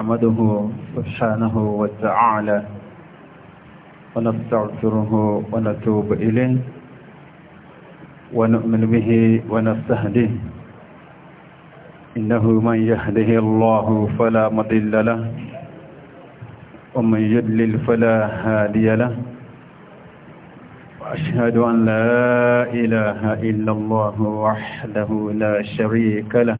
نحمده سبحانه وتعالى ونستغفره ونتوب إليه ونؤمن به ونستهديه إنه من يهده الله فلا مضل له ومن يضلل فلا هادي له وأشهد أن لا إله إلا الله وحده لا شريك له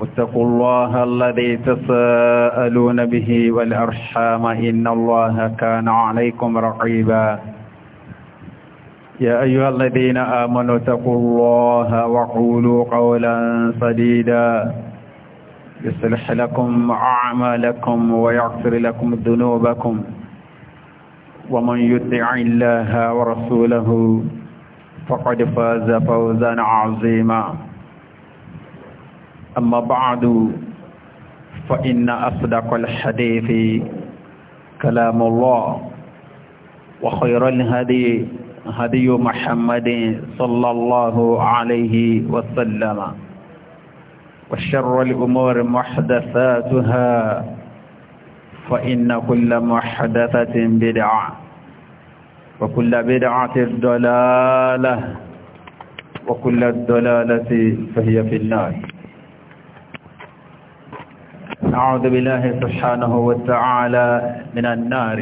واتقوا الله الذي تساءلون به والأرحام إن الله كان عليكم رقيبا يا أيها الذين آمنوا اتقوا الله وقولوا قولا سديدا يصلح لكم أعمالكم ويغفر لكم ذنوبكم ومن يطع الله ورسوله فقد فاز فوزا عظيما أما بعد فإن أصدق الحديث كلام الله وخير الهدي هدي محمد صلى الله عليه وسلم وشر الأمور محدثاتها فإن كل محدثة بدعة وكل بدعة ضلالة وكل الضلالة فهي في النار نعوذ بالله سبحانه وتعالى من النار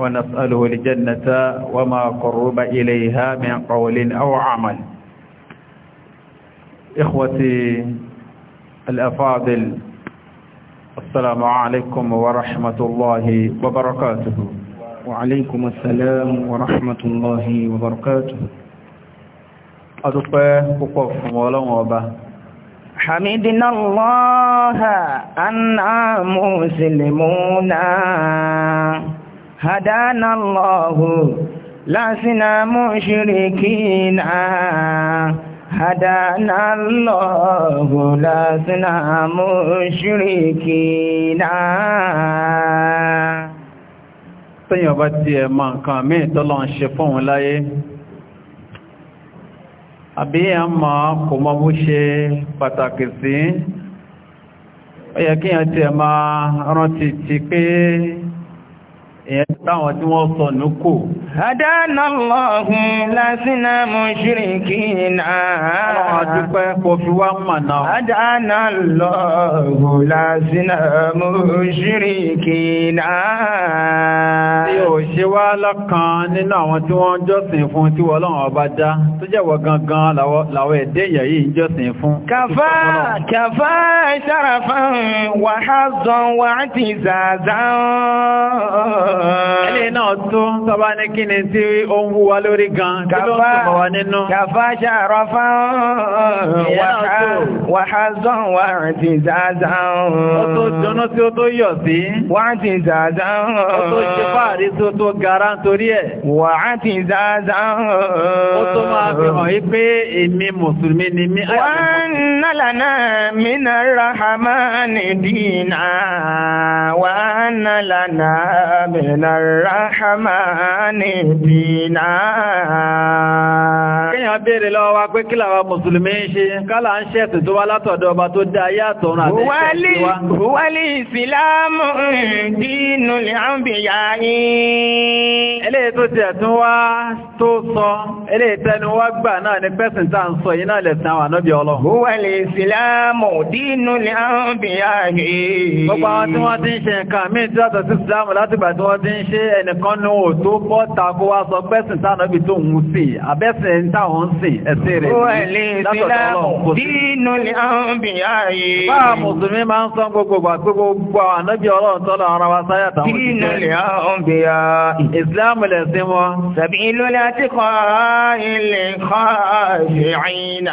ونسأله الجنة وما قرب إليها من قول أو عمل إخوتي الأفاضل السلام عليكم ورحمة الله وبركاته وعليكم السلام ورحمة الله وبركاته أدوبة بقف ولو حمدنا الله أنا مسلمون هدانا الله لسنا مشركين هدانا الله لسنا مشركين tẹ́yìn ọba tí ẹ máa nǹkan mí àbí èèyàn ma kò mọ bó ṣe pàtàkì sí ó yẹ kí ma tiẹ̀ máa rántí ti pé èyàn táwọn tí wọ́n sọ ní kò. Adánàlọ́hun lásínà mọ̀ ṣíríkì náà. Àwọn àdúpẹ́ pọ̀ fi wá mà náà. Adánàlọ́hun lásínà mọ̀ ṣíríkì náà. Tí ò ṣe Kàfá kàfá ṣàràfà wàhásán wàhátì zàzán. Ẹlé eh, náà tó ń sọba ní kí ni tí ó ń wúwa lórí gan, kí ló ń sọ̀bọ̀ wa nínú. Kàfá ṣàrọ fáwọn wàházán fi hàn yí pé èmi mùsùlùmí ni mí. wọ́n ná lànà mina rahamani dina wọ́n ná lànà mina rahamani dina. kéèyàn béèrè lọ́wọ́ wa pé kí làwọn mùsùlùmí ń ṣe kálá ń ṣẹ̀sìn tó wá látọ̀dọ̀ ọba tó dá ayé àtọ̀run àti ìṣẹ̀sìn wa. wálé ìsìlámù dínú lè ń bìyà yín. eléyìí tó tiẹ̀ tún wá tó sọ eléyìí tẹnu wá gbà náà ni pẹ́sìn tàà ń sọ yìí náà lẹ̀sìn àwọn ànábì ọlọ́run. Huwa al-Islamu dinul anbiya. Gbogbo àwọn tí wọ́n ti ń ṣe nǹkan míì tí yàtọ̀ sí Ìsìlámù látìgbà tí wọ́n ti ń ṣe ẹnìkan ní òun tó bọ́ tako wá sọ pẹ́sìn tàà náà tó ń sìn, àbẹ́sìn táwọn sìn ẹ̀sẹ̀ rẹ̀. Huwa al-Islamu dinul anbiya. Báà ń sọ gbogbo àti gbogbo للخاشعين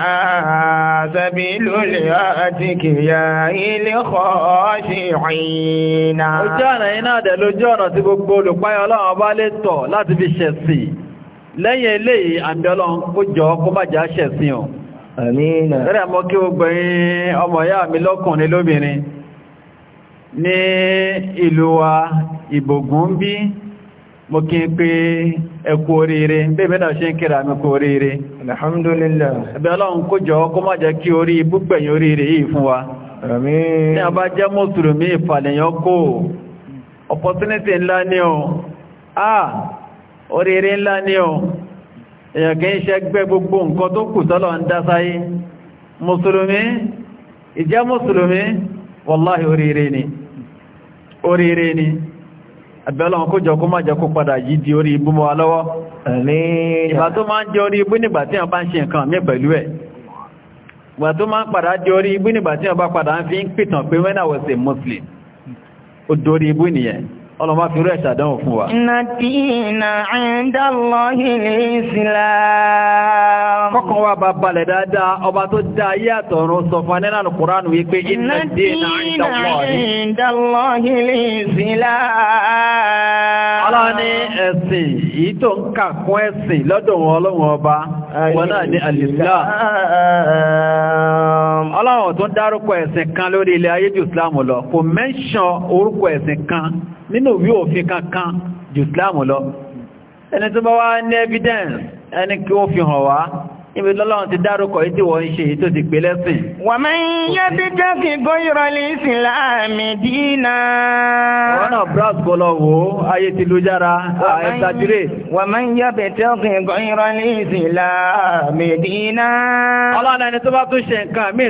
سبيل الاتقياء للخاشعين ojú ọ̀nà iná dẹ̀ lójú ọ̀nà tí gbogbo olùpáyọ ọlọ́run bá lè tọ̀ láti fi ṣẹ̀sì lẹ́yìn eléyìí àbí ọlọ́run kó jọ kó má jà ṣẹ̀sì hàn àmìnà rẹ̀ mọ́ mo kí ń pé ẹkù oríire bẹ́ẹ̀bẹ́ náà ṣe ń kíra mi kú oríire alhamdulillah ẹ̀bẹ̀ ọlọ́run kó jọ kó má jẹ́ kí orí búgbẹ̀yìn oríire yìí fún wa àmín ní a jẹ́ mùsùlùmí ìfàlẹ̀yàn kó opportunity ńlá ní o a oríire ńlá ní o ṣe gbogbo nǹkan tó kù tọ́lọ̀ ń dá sáyé mùsùlùmí ìjẹ́ ni oríire ni àbẹ́lọ́n kó jọ kó má jẹ́ kó padà yìí di orí ibú mọ́ alọ́wọ́ ìgbà tó máa ń jẹ orí ibú nígbà tí wọ́n bá ń ṣe nǹkan mí pẹ̀lú ẹ̀ ìgbà tó máa ń padà jẹ orí ibú nígbà tí wọ́n bá padà ń fi ń pìtàn pé when I was Muslim ó dorí ibú nìyẹn ọlọ́mọ fi rẹ̀ ṣàdánwò fún wa. nàdínà ẹ̀ndàlọ́hìn Islam. kọ́kàn wa bá balẹ̀ dáadáa ọba tó dá ayé àtọ̀run sọ fún anẹ́nà Kùránù wípé nàdínà ẹ̀ndàlọ́hìn Islam. aláàní ẹ̀sìn yìí tó ń kà kún ẹ̀sìn lọ́dọ̀ wọn ọlọ́run ọba wọn náà ní alìsílám. ọlọ́run dárúkọ ẹ̀sìn kan lórí ilẹ̀ ayé ju Islam lọ kò mẹ́ńṣàn orúkọ ẹ̀sìn kan nínú ìwé òfin kankan jù Islam lọ ẹni tó bá wá ní evidence ẹni kí ó fi hàn wá níbi lọ́lọ́run ti dárúkọ ìtí wọ́n ń ṣe tó ti pè lẹ́sìn. wà máa ń yẹ́ bí jákè gọ́yọ̀rọ̀ lè sìn láàmì dínà. wọ́n náà brass kò lọ wò ó ayé ti lu jára àìsàdúrè. wà máa ń yẹ́ bí jákè gọ́yọ̀rọ̀ lè sìn láàmì dínà. ọlọ́run ẹni tó bá tún ṣe nǹkan míì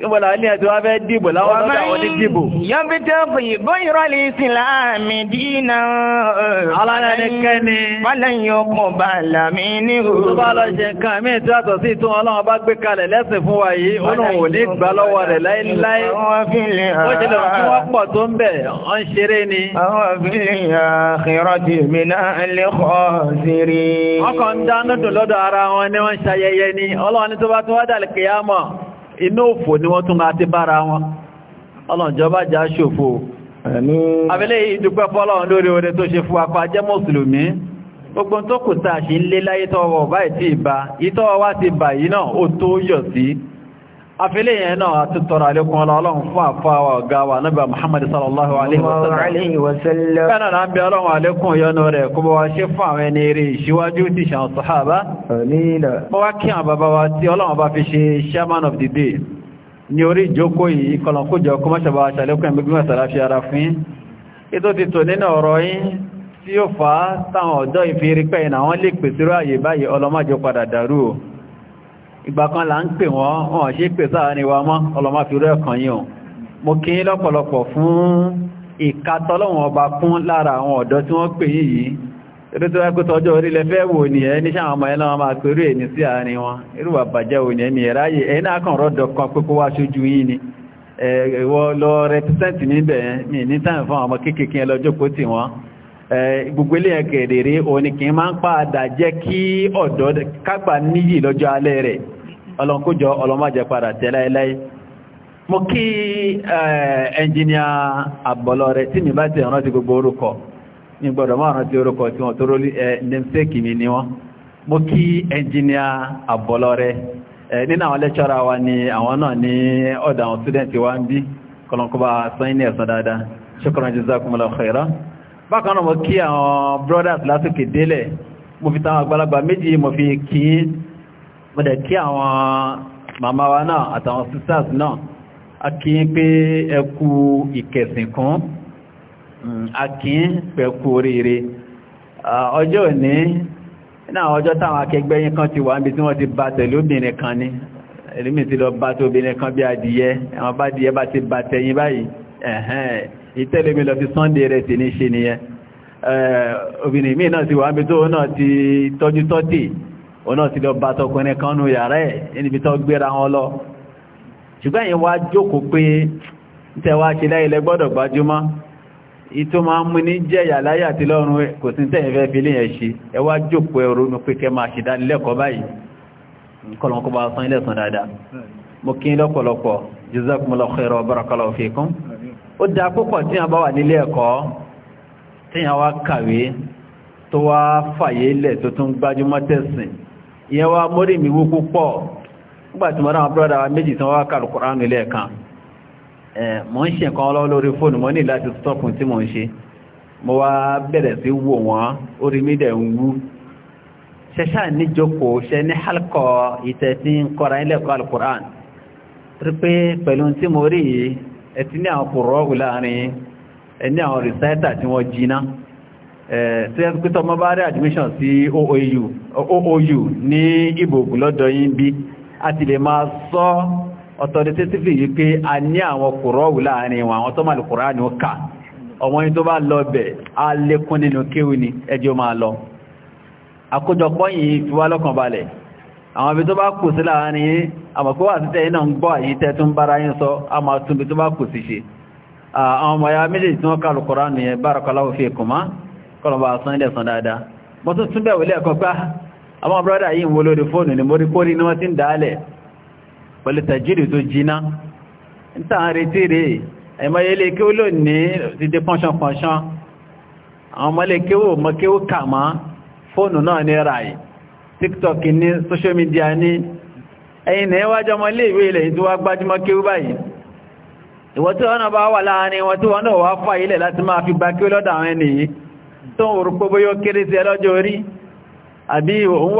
ìbọ̀lá ní ẹ̀tọ́ wá fẹ́ dìbò láwọn ọlọ́dà wọn ní dìbò. yọ́bí tó fòyí bó ìrọ̀lì ìsìláàmì dínà aláàrẹ̀kẹ́ni wọ́lẹ̀ yóò kùn bá lámì ní òòrùn. tó bá lọ ṣe nǹkan mí tí àtọ̀ sí ìtún ọlọ́run bá gbé kalẹ̀ wa yìí ó lóun ò ní ọkọ̀ ń dánú dùn lọ́dọ̀ ara wọn ni wọ́n ṣayẹyẹ ni ọlọ́run tó bá tún wá dàlẹ̀ kìyàmọ̀ inú òfò ni wọ́n tún máa ti bára wọn ọlọ́njọba jà ṣòfò abẹ́lẹ̀ ìdúpẹ́ fọ́lọ́run lórí oore tó ṣe fún apá jẹ́ mùsùlùmí gbogbo tó kù sí ń lé láyé tọ́wọ́ báyìí ti bà yìí wá ti bà yìí náà ó tó yọ̀ sí afẹ́lẹ́ yẹn náà àti tọrọ àlékún ọlọ́run fún àfáwà gawa wa náà Muhammad sallallahu alaihi wasallam bẹ́ẹ̀ náà bí ọlọ́run àlékún yọnu rẹ̀ kó bọ́ wá ṣe fún àwọn ẹni eré ìṣíwájú ti ṣàn sọ́hábá mọ́ wá kí àwọn bàbá wa tí ọlọ́run bá fi ṣe chairman of the day ní orí ìjókòó yìí kọlọ̀kójọ kó mọ́ṣàbá aṣàlékún ẹgbẹ́gbẹ́ mẹ́sàráfí ara fún ètò ti tò nínú ọ̀rọ̀ yìí tí ó fà á táwọn ọ̀dọ́ ìfìrí pẹ́ ìnà wọ́n lè pèsè rú àyè báyìí ọlọ́májọ padà dàrú o ìgbà kan là ń pè wọ́n wọ́n ṣe pè sáà ní wa mọ́ ọlọ́mọ fi rẹ́ ọ̀kan yìí hàn mo kí lọ́pọ̀lọpọ̀ fún ìkatọ́lọ́wọ̀n ọba kún lára àwọn ọ̀dọ́ tí wọ́n pè yìí eré tó wáyé kótó ọjọ́ orílẹ̀ fẹ́ wò ní ẹ ní sáwọn ọmọ ẹ̀nà máa pẹ̀lú èní sí àárín gbogbo ilé ẹ̀kẹ̀rẹ̀ rí òní kí máa ń padà jẹ́ kí ọ̀dọ́ kágbà níyì lọ́jọ́ alẹ́ rẹ̀ ọlọ́nkójọ ọlọ́májẹ padà mo kí ẹnjìníà àbọ̀lọ rẹ̀ tí mi ti gbogbo orúkọ ní gbọ́dọ̀ máa ti orúkọ tí wọ́n tó rólí ni wọ́n mo kí ẹnjìníà àbọ̀lọ rẹ̀ ni n'i wa bákan náà mo kí àwọn brothers lásìkò délẹ̀ mo fi táwọn àgbàlagbà méjì mo fi kí mo dẹ̀ kí àwọn màmá wa náà àtàwọn sisters náà a kí ń pé ẹkù ìkẹsìn kan hmm, a kí ń pẹ̀kù oríire ọjọ́ òní náà ọjọ́ táwọn akẹgbẹ́ yín kan ti wà níbi tí wọ́n ti bá tẹ̀lé obìnrin kan ní ẹlẹ́mìí lọ bá tó obìnrin kan bí adìyẹ àwọn bá adìyẹ bá ti bá tẹ̀yìn báyìí ẹ̀hẹ́n ìtẹ́lẹ̀mí lọ fi sunday rẹ̀ ti ní ṣe nìyẹn obìnrin míì náà ti wà níbi tó náà ti tọ́jú tọ́tì òun náà ti lọ bá tọkùnrin kan nù yàrá ẹ̀ níbi tó gbéra wọn lọ ṣùgbọ́n yìí wá jókòó pé tẹ́ wá ṣe láyé lẹ́gbọ́dọ̀ gbájúmọ́ ìtò máa ń mú ní jẹ́yà láyé àti lọ́rùn kò sí tẹ́yìn fẹ́ fi léyìn ṣe ẹ wá jókòó ẹrù ní pé kẹ́ máa ṣe dánilẹ́kọ̀ọ́ báyìí kọlọ̀kọ́ bá san ilẹ̀ sàn dáadáa mo kí lọ́pọ̀lọpọ̀ jazakumullahu khairan wa barakallahu fikum ó dá púpọ̀ tí a bá wà nílé ẹ̀kọ́ tí a wá kàwé tó wá fàyè lẹ̀ tó tún gbájúmọ́ tẹ̀sìn ìyẹn wá mórí mi wú púpọ̀ nígbàtí mọ́ra àwọn brọ́dà wa méjì tán wá kàrù kọ́rán nílé ẹ̀kan mọ́ ń ṣe nǹkan ọlọ́wọ́ lórí fóònù mọ́ ní láti stọ́pùn tí mò ń ṣe pẹ̀lú tí mo rí yìí ẹ̀tí ní àwọn kòrò ọ̀gù láàrin ẹni àwọn rìsáìtà tí wọ́n jiná tí ẹ pẹ́tọ́ mọ́ bá rí admission sí OOU ní ìbògùn lọ́dọ̀ yín bí a ti lè máa sọ authoritatively yìí pé a ní àwọn kòrò ọ̀gù láàrin wọn àwọn tó máa lè kòrò àní ó àwọn ibi tó bá kù sí láàrin àmọ̀kó wà títẹ́ iná ń gbọ́ àyí tẹ́tún bára yín sọ a máa tún bí tó bá kù sí ṣe àwọn ọmọ ya méjèèjì tí wọ́n kàlù kọ́rá ní ẹ bárakọláwò fi kùnmá kọlọ̀bà fóònù ni mo rí kórí ni wọ́n ti ń dálẹ̀ pẹ̀lú ní dídé pọ́nṣánpọ́nṣán tiktok ni social media ni ẹ̀yìn na wájọ́ ọmọ ilé ìwé ilẹ̀ tí wá gbájúmọ́ kéwú báyìí ìwọ̀n tí wọ́n bá wà láàrin wọn tí wọ́n náà wá fà ilẹ̀ láti máa fi gba kí lọ́dọ̀ àwọn tó ń rúpọ̀ kéré sí ẹlọ́jọ́ orí àbí òun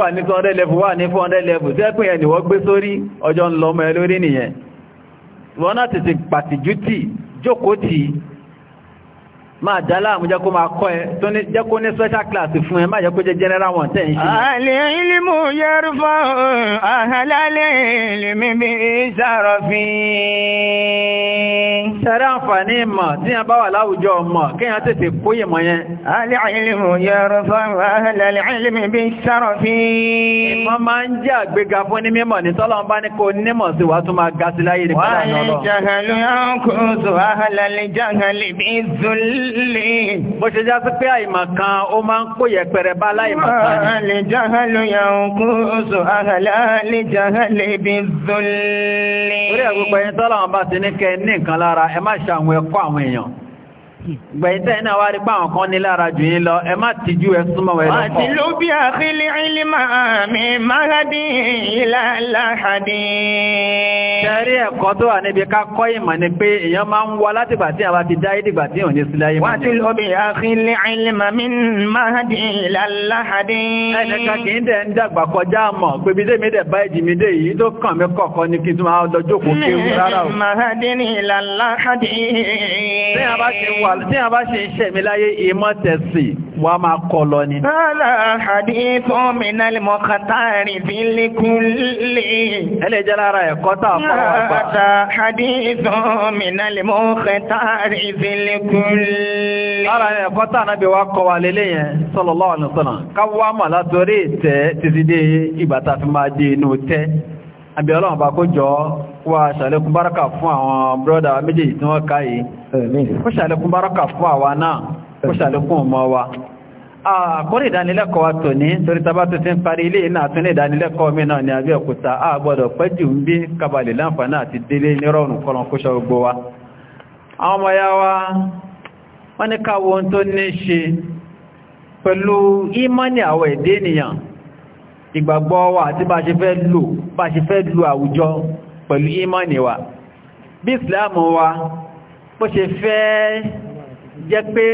wà ní máa dá láàmú jẹ́ kó máa kọ́ ẹ tó ní jẹ́ kó ní special class fún ẹ máa jẹ́ kó jẹ́ general wọn tẹ́ ń ṣe. àlè ìlímù yẹrù fún àhàlálẹ̀ ìlímì bí ìsàrọ̀ fi. sẹ́rẹ́ àǹfààní ìmọ̀ tí a bá wà láwùjọ ọmọ kí a tètè kó ìmọ̀ yẹn. àlè ìlímù yẹrù fún àhàlálẹ̀ ìlímì bí ìsàrọ̀ fi. ìmọ̀ máa ń jẹ́ àgbéga fún ní mímọ̀ ní tọ́lọ́n bá ní kó nímọ̀ sí wàá tún máa ga sí láyé ní kọ́lá náà lọ. wàá lè. bó ṣe já sí pé àìmọ̀ kan ó máa ń kó yẹpẹrẹ bá láìmọ̀ kan ni. àlè jahalu yàn kú oṣù orí ẹ̀ gbogbo ẹni tọ́lọ́wọ́n bá ti ní kẹ́ ní nǹkan lára ẹ má ṣe àwọn gbẹ̀yìntẹ́ iná wá rí pa àwọn kan ní lára jù yín lọ ẹ má tìjú ẹ súnmọ́ ẹ lọ́pọ̀. àti ló bí àfílì ìlímà mi máradì ìlàláhàdì. ṣẹ́rí ẹ̀kọ́ tó wà níbi ká kọ́ ìmọ̀ ni pé èèyàn máa ń wá látìgbà tí àwa ti dáyé dìgbà tí òun ní sílẹ̀ ayé máa ń jẹ́. wàá ló bí àfílì ìlímà mi máradì ìlàláhàdì. ẹnìkan kì í dẹ̀ ń dàgbà kọjá mọ̀ pé tí a bá ṣe ń ṣẹ̀mí láyé ìmọ̀ tẹ̀sì wà máa kọ lọ ni. Bọ́lá àdífọ́ mi náà lè mọ kàtàrí bí lékúnlé. Ẹlẹ́jẹ́ lára ẹ̀kọ́ tà fọwọ́ gbà. Bọ́lá àdífọ́ mi náà lè mọ kàtàrí bí lékúnlé. Lára ẹ̀kọ́ tà náà bí wá kọ a ṣàlékún báraka fún àwọn brọ́dà méjèèjì tí wọ́n ká yìí kó ṣàlékún báraka fún àwa náà kó ṣàlékún ọmọ wa àkórí ìdánilẹ́kọ̀ọ́ wa tò ní torí tàbá tó ti ń parí ilé náà tún ní ìdánilẹ́kọ̀ọ́ mi ní Abẹ́òkúta a gbọ́dọ̀ pẹ́jù ń bí kabalẹ̀ láǹfààní àti délé nírọ̀rùn kọ́lọ̀n kó gbogbo wa àwọn ọmọ ya wa wọ́n ní tó ní ṣe pẹ̀lú ìmọ́ni ènìyàn ìgbàgbọ́ wa àti bá ṣe fẹ́ àwùjọ pẹ̀lú ìmánì wa bí islam wa bó ṣe fẹ́ jẹ́ pé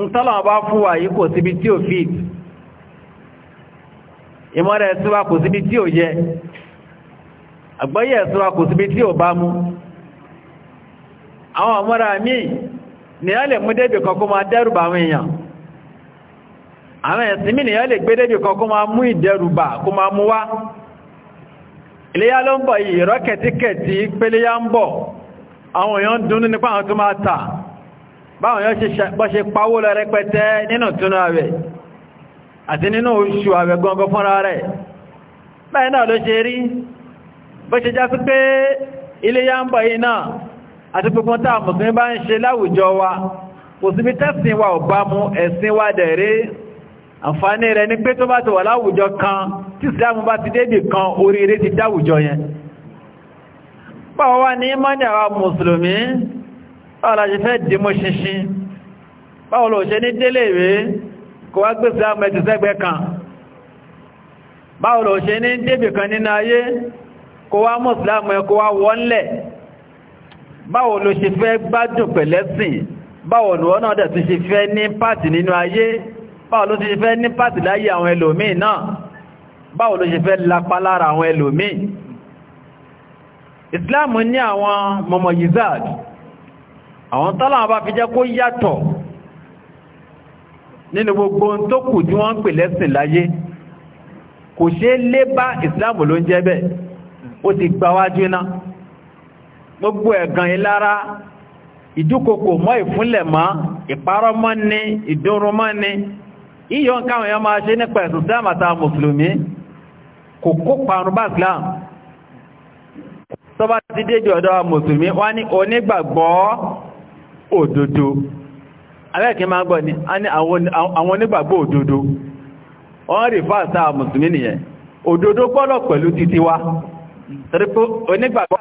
ń tọ́lọ̀ bá fún wa yìí kò síbi tí ò fit ìmọ́rẹ̀ ẹ̀sùwa kò síbi tí ò yẹ àgbọ́yẹ̀ ẹ̀sùwa kò síbi tí ò bá mú àwọn ọmọ́ra míì ni a lè mú débì kọkún ma dẹ́rùbà àwọn èèyàn àwọn ẹ̀sìn mí ni a lè gbé débì kọkún ma mú ìdẹ́rùbà kó ma mú wá iléyá ló ń bọ̀ yìí kẹtíkẹtí ń bọ̀ àwọn èèyàn dúnú nípa àwọn tó máa tà báwọn èèyàn bọ́ ṣe pawó lọ rẹpẹtẹ nínú túnú àwẹ̀ àti nínú oṣù àwẹ̀ gọngọ fúnra báyìí náà ló ṣe rí bó ṣe já pé iléyá ń bọ̀ yìí náà àti pípọn wa kò síbi tẹ́sìn wa ò bá àǹfààní rẹ̀ ní pé tó bá ti wà láwùjọ kan tí ìsìlámù bá ti débì kan oríire ti dáwùjọ yẹn pàwọ́ wá ní mọ́ni àwọn mùsùlùmí báwo la ṣe fẹ́ dìmú ṣinṣin báwo lò ṣe ní délé ìwé kò wá gbé ìsìlámù ẹ̀ ti sẹ́gbẹ́ kan báwo lò ṣe báwo ló ti ṣe fẹ́ ní pàtì láyé àwọn ẹlòmíì náà báwo ló ṣe fẹ́ lápá lára àwọn ẹlòmíì ìsìláàmù ní àwọn mọ̀mọ̀ yizad àwọn tọ́lá bá fi jẹ́ kó yàtọ̀ nínú gbogbo tó kù tí wọ́n ń pè lẹ́sìn láyé kò ṣe lé bá ìsìláàmù ló ń jẹ́ bẹ́ẹ̀ ó ti gbáwájú ná gbogbo ẹ̀gàn ìlara ìdúkokò mọ́ ìfúnlẹ̀ mọ́ ìparọ́ mọ́ ni ìdúnrún mọ́ ni iyọ̀ nǹkan àwọn ya ṣe nípa ẹ̀sùn islam àtàwọn mùsùlùmí kò kó parun bá islam ti déjì ọ̀dọ̀ mùsùlùmí wá ní onígbàgbọ́ òdodo alẹ́kì máa gbọ́ ní àwọn onígbàgbọ́ òdodo wọ́n rí fásità mùsùlùmí nìyẹn pẹ̀lú wa onígbàgbọ́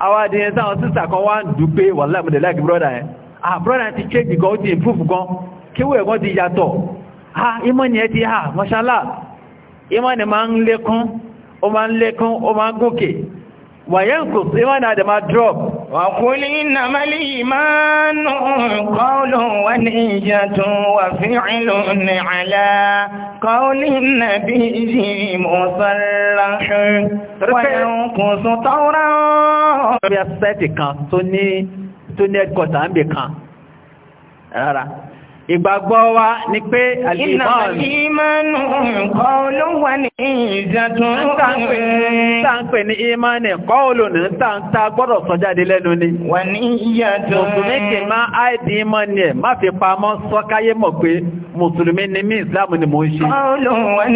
àwọn adìyẹn sáwọn sísà kan wá ń dùn pé wàhálà mọ̀dẹ̀ brọ́dà yẹn ah brọ́dà ti change gan ó ti improve gan kíwò ẹ̀gbọ́n ti yàtọ̀ ha ah, ìmọ̀ ni ẹ ti ha mọ́ṣálà ìmọ̀ ni máa ń lékún ó máa ń lékún ó máa ń gòkè wàyẹ̀ ń kò sí ìmọ̀ ni drop وقل إنما الإيمان قول ونية وفعل على قول النبي مصرح وينقص طورا bí asẹ́tì kan tó ní tó ní ẹ̀kọ́ta ń bè kan rárá ìgbàgbọ́ wa ni pé alìmọ́ọ̀lù Táǹpẹ̀ ní ìmánì kọ́ olónà táǹtà gbọ́dọ̀ sọ lẹ́nu ni. Wà ní ìyà Mùsùlùmí kì máa áìdí ìmánì ẹ̀ má fi pamọ́ sọ́káyé mọ̀ pé Mùsùlùmí ni mí ìsìlámù ni mò ń ṣe. Ọlọ́run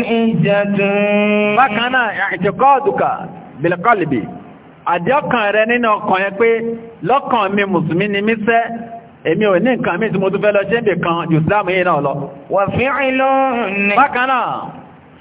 èmi ò ní nǹkan mi tí mo tún fẹ́ lọ ṣe ń bè kan jù yìí náà lọ. Wà fí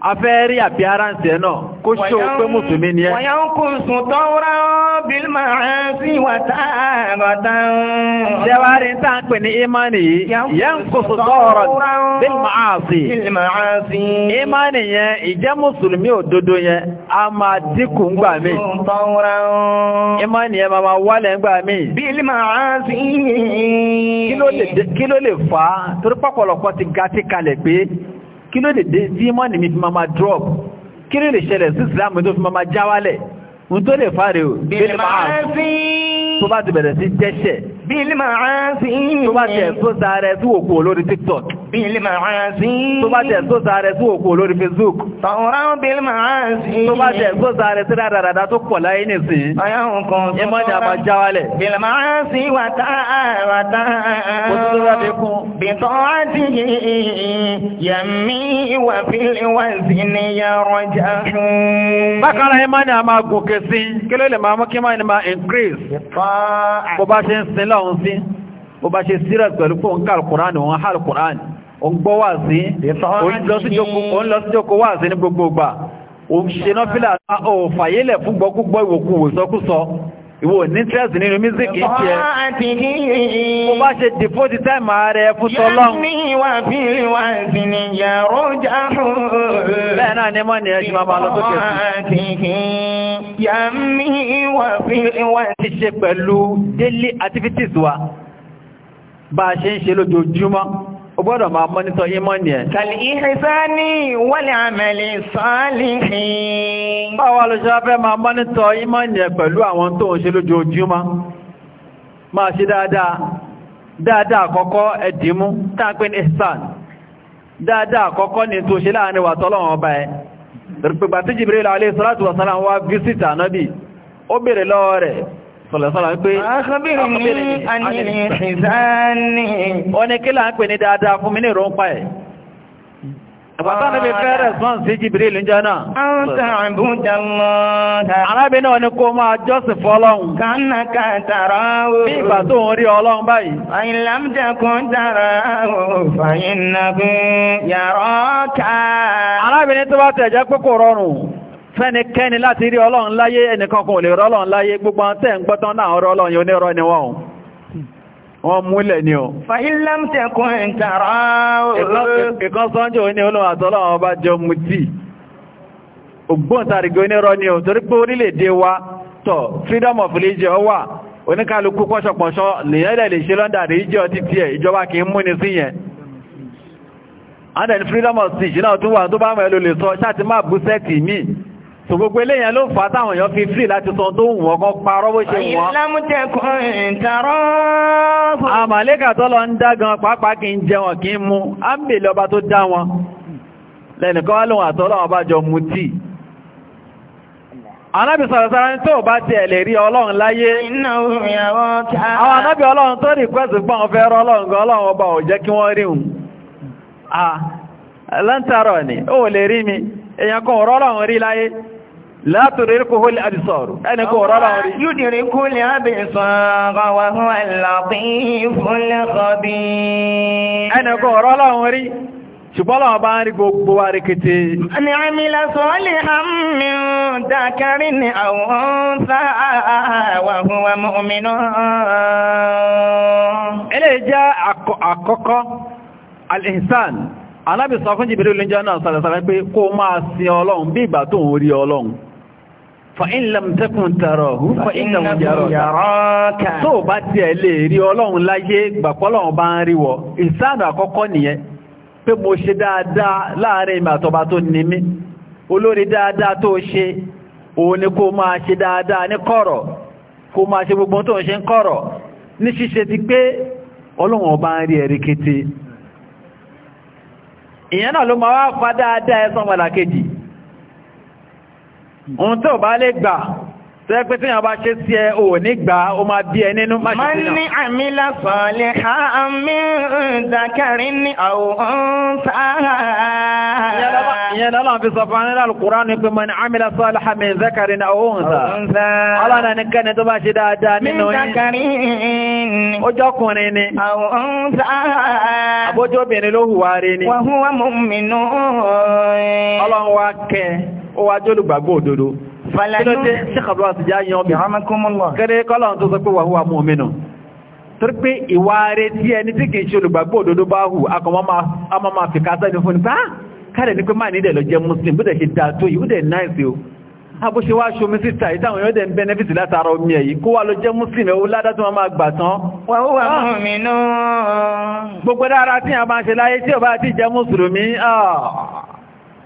afẹ́ rí àbí ara ń tẹ́ náà kó ṣó pé mùsùlùmí ni ẹ́. wọ́n yán kò sùn tó rán bílmà sí wàtá àgọ́ta. jẹ́wárí ní imani yìí yán kò sùn tó rán bílmà sí. imani yẹn ìjẹ́ mùsùlùmí òdodo yẹn a máa dínkù ńgbà mí. imani yẹn máa wálẹ̀ ńgbà mí. bílmà sí. kí ló lè fà á torí ti ga sí kalẹ̀ pé kí ló dé dímọ́nì mi fi máa máa drop kí ló lè ṣẹlẹ̀ sí ìsìlámù tó fi máa máa jáwálẹ̀ ń tó lè fàárẹ̀ ò bí lè máa tó bá ti bẹ̀rẹ̀ sí jẹ́ṣẹ̀ bí ilé máa sí tó bá tẹ̀ tó sáré sí òkú olórí tiktok bí ilé máa sí tó bá tẹ̀ tó sáré sí òkú olórí facebook tọ̀rọ̀ bí ilé máa sí tó bá tẹ̀ tó sáré sí rádaràdá tó pọ̀ láyé nìsí ìmọ̀ ni a máa já wálẹ̀ bí ilé máa a máa gòkè sí kí ló lè máa mú kí máa ní máa increase bó bá ṣe ń sin láwọn sí bó bá ṣe sírẹ̀ pẹ̀lú fún ká alkùnránì wọn há alkùnránì o ń gbọ́ wà sí o ń lọ sí jókòó wà sí ní gbogbo ìgbà o ṣe náà fílà ó fàyílẹ̀ fún gbọ́kúgbọ́ ìwòkúwò ìsọkúsọ ìwò ní interest nínú music ń jẹ ó bá ṣe dìpótì táìmù ààrẹ fún tọ́lọ́hún bẹ́ẹ̀ náà ní mọ́ ni ẹjú máa lọ sókè sí ṣe pẹ̀lú daily activities wa bá a ṣe ń ṣe lójoojúmọ́ ó gbọ́dọ̀ máa mọ́nítọ̀ ìmọ́ni ẹ̀. kal-ihsani wal-amali salihin. báwa ló ṣe fẹ́ máa mọ́nítọ̀ ìmọ́ni ẹ̀ pẹ̀lú àwọn tó ń ṣe lójoojúmọ́ máa ṣe dáadáa dáadáa àkọ́kọ́ ẹ̀dìmú tápín ihsan dáadáa àkọ́kọ́ ní tó ṣe láàrin wà tọ́lọ́wọ́n ọba ẹ̀ pẹ̀gbà tí Jibril alayhi salatu wa salam wá fíṣítà náà bí sọ̀lọ̀sọ́lọ̀ wípé ọ̀nìkílà ń pè ní dáadáa fún mi ní ìrọ̀ǹpa ẹ̀ àpàtà níbi fẹ́ rẹ̀sọ́n sí jìbìrì ìlú jẹ́ náà arábìn náà ni kó máa jọ́sì fọ́lọ́hun kánà kàtàrà ooo bí ìgbà tó ń rí ọlọ́run báyìí àìlàmjẹkùn tàrà ooo fàyínàkùn yàrá ká arábìn tó bá tẹ̀jẹ́ pé kò rọrùn fẹ́nikẹ́ni láti rí ọlọ́run láyé ẹnìkan kan rọ́lọ́run láyé gbogbo tẹ́ ń gbọ́tán náà rọ́lọ́run yóò ní rọ́ ni wọ́n wọ́n múlẹ̀ ni ọ. fàílẹ́m tẹ̀kùn ìtàrà ni freedom of religion speech náà tún wà tó bá mọ̀ lè sọ ṣáà máa bú sẹ́ẹ̀tì míì so gbogbo eléyàn ló fà táwọn èèyàn fi free láti sọ tó wù ọkọ̀ parọ́ bó ṣe wọ́n. ìlàmútẹ̀kùn ìtàrọ́ fún. àmàlẹ́kà tó lọ ń dá gan pàápàá kí ń jẹ wọn kí ń mú ámbèlè ọba tó dá wọn lẹ́nìkan wá lóhun ọba jọ mú anábì ní ti ẹ̀lẹ̀ rí ọlọ́run láyé látòrí kò hólì àbìsọ̀rù ẹni kò rọ́rọ̀ rí. yúdìrí kò lè àbìsọ̀rọ̀ wà hún àlàbí fúnlẹ̀ kọbí. ẹni kò rọ́rọ̀ rí ṣùgbọ́n lọ́wọ́ bá ń rí gbogbo wa rí kété. ni a mi la sọ lè hàmì dákàrí al-ihsan anábìsọ jìbìrì olóúnjẹ náà sọ̀rọ̀ pé kó máa sin ọlọ́run bí ìgbà tó ń rí ọlọ́run fa'in lamtakun tarahu fa'in lam yaraka tó bá ti ẹ̀ lè rí ọlọ́run láyé gbàpọ́lọ́run bá ń rí wọ ìsáàdù àkọ́kọ́ nìyẹn pé mo ṣe dáadáa láàrin ìmọ̀ àtọba tó ní mí olórí dáadáa tó ṣe òun ni kó máa ṣe dáadáa ní kọ̀rọ̀ kó máa ṣe gbogbo tó ń ṣe ń kọ̀rọ̀ ní ṣíṣe ti pé ọlọ́run ọba ń rí ẹ̀rí kété ìyẹn náà ló máa wá fa dáadáa ẹ̀sán wàlàkejì ohun tó bá lè gbà tẹ́ pé tí yàn bá ṣe sí ẹ ò ní gbà ó máa bí ẹ nínú máa ṣe sí náà. man ní àmìlà sọ̀lẹ̀ ha mi ń dàkàrí ní àwọn sáà. ìyẹn lọ́la fi sọ fún anílà alukura ni pé man àmìlà sọ̀lẹ̀ ha mi ń dàkàrí ní àwọn sáà. ọlọ́nà ní kẹ́ni tó bá ṣe dáadáa nínú yín. mi ń dàkàrí ní. ó jọkùnrin ni. àwọn sáà. àbójú obìnrin ló hùwà rí ni. wà hùwà mu'minun. ọlọ́run wa kẹ́ ó wá jẹ́ olùgbàgbọ́ òdodo kílódé ṣíkàbọ́ àti já yan ọmọ kẹ́rẹ́ kọ́lọ̀ tó sọ pé wà húwà mú omi nù torí pé ìwà rẹ̀ tí ẹni tí kìí ṣe olùgbàgbọ́ òdodo bá hù akọmọ máa fi kásá ní fún ah, kárẹ̀ ní pé máa nílẹ̀ lọ jẹ́ muslim bó dẹ̀ ṣe dáa tó yìí ó dẹ̀ náà wá ṣomi síta ìtàwọn èèyàn dẹ̀ ń benefit látara omi ẹ̀yí kó wá lọ jẹ́ muslim ẹ̀wọ́ ládá tí wọ́n máa gbà tán wà ó wà mọ́mìnú gbogbo dára tí a máa ṣe láyé tí ò bá ti jẹ́ mùsùlùmí ah.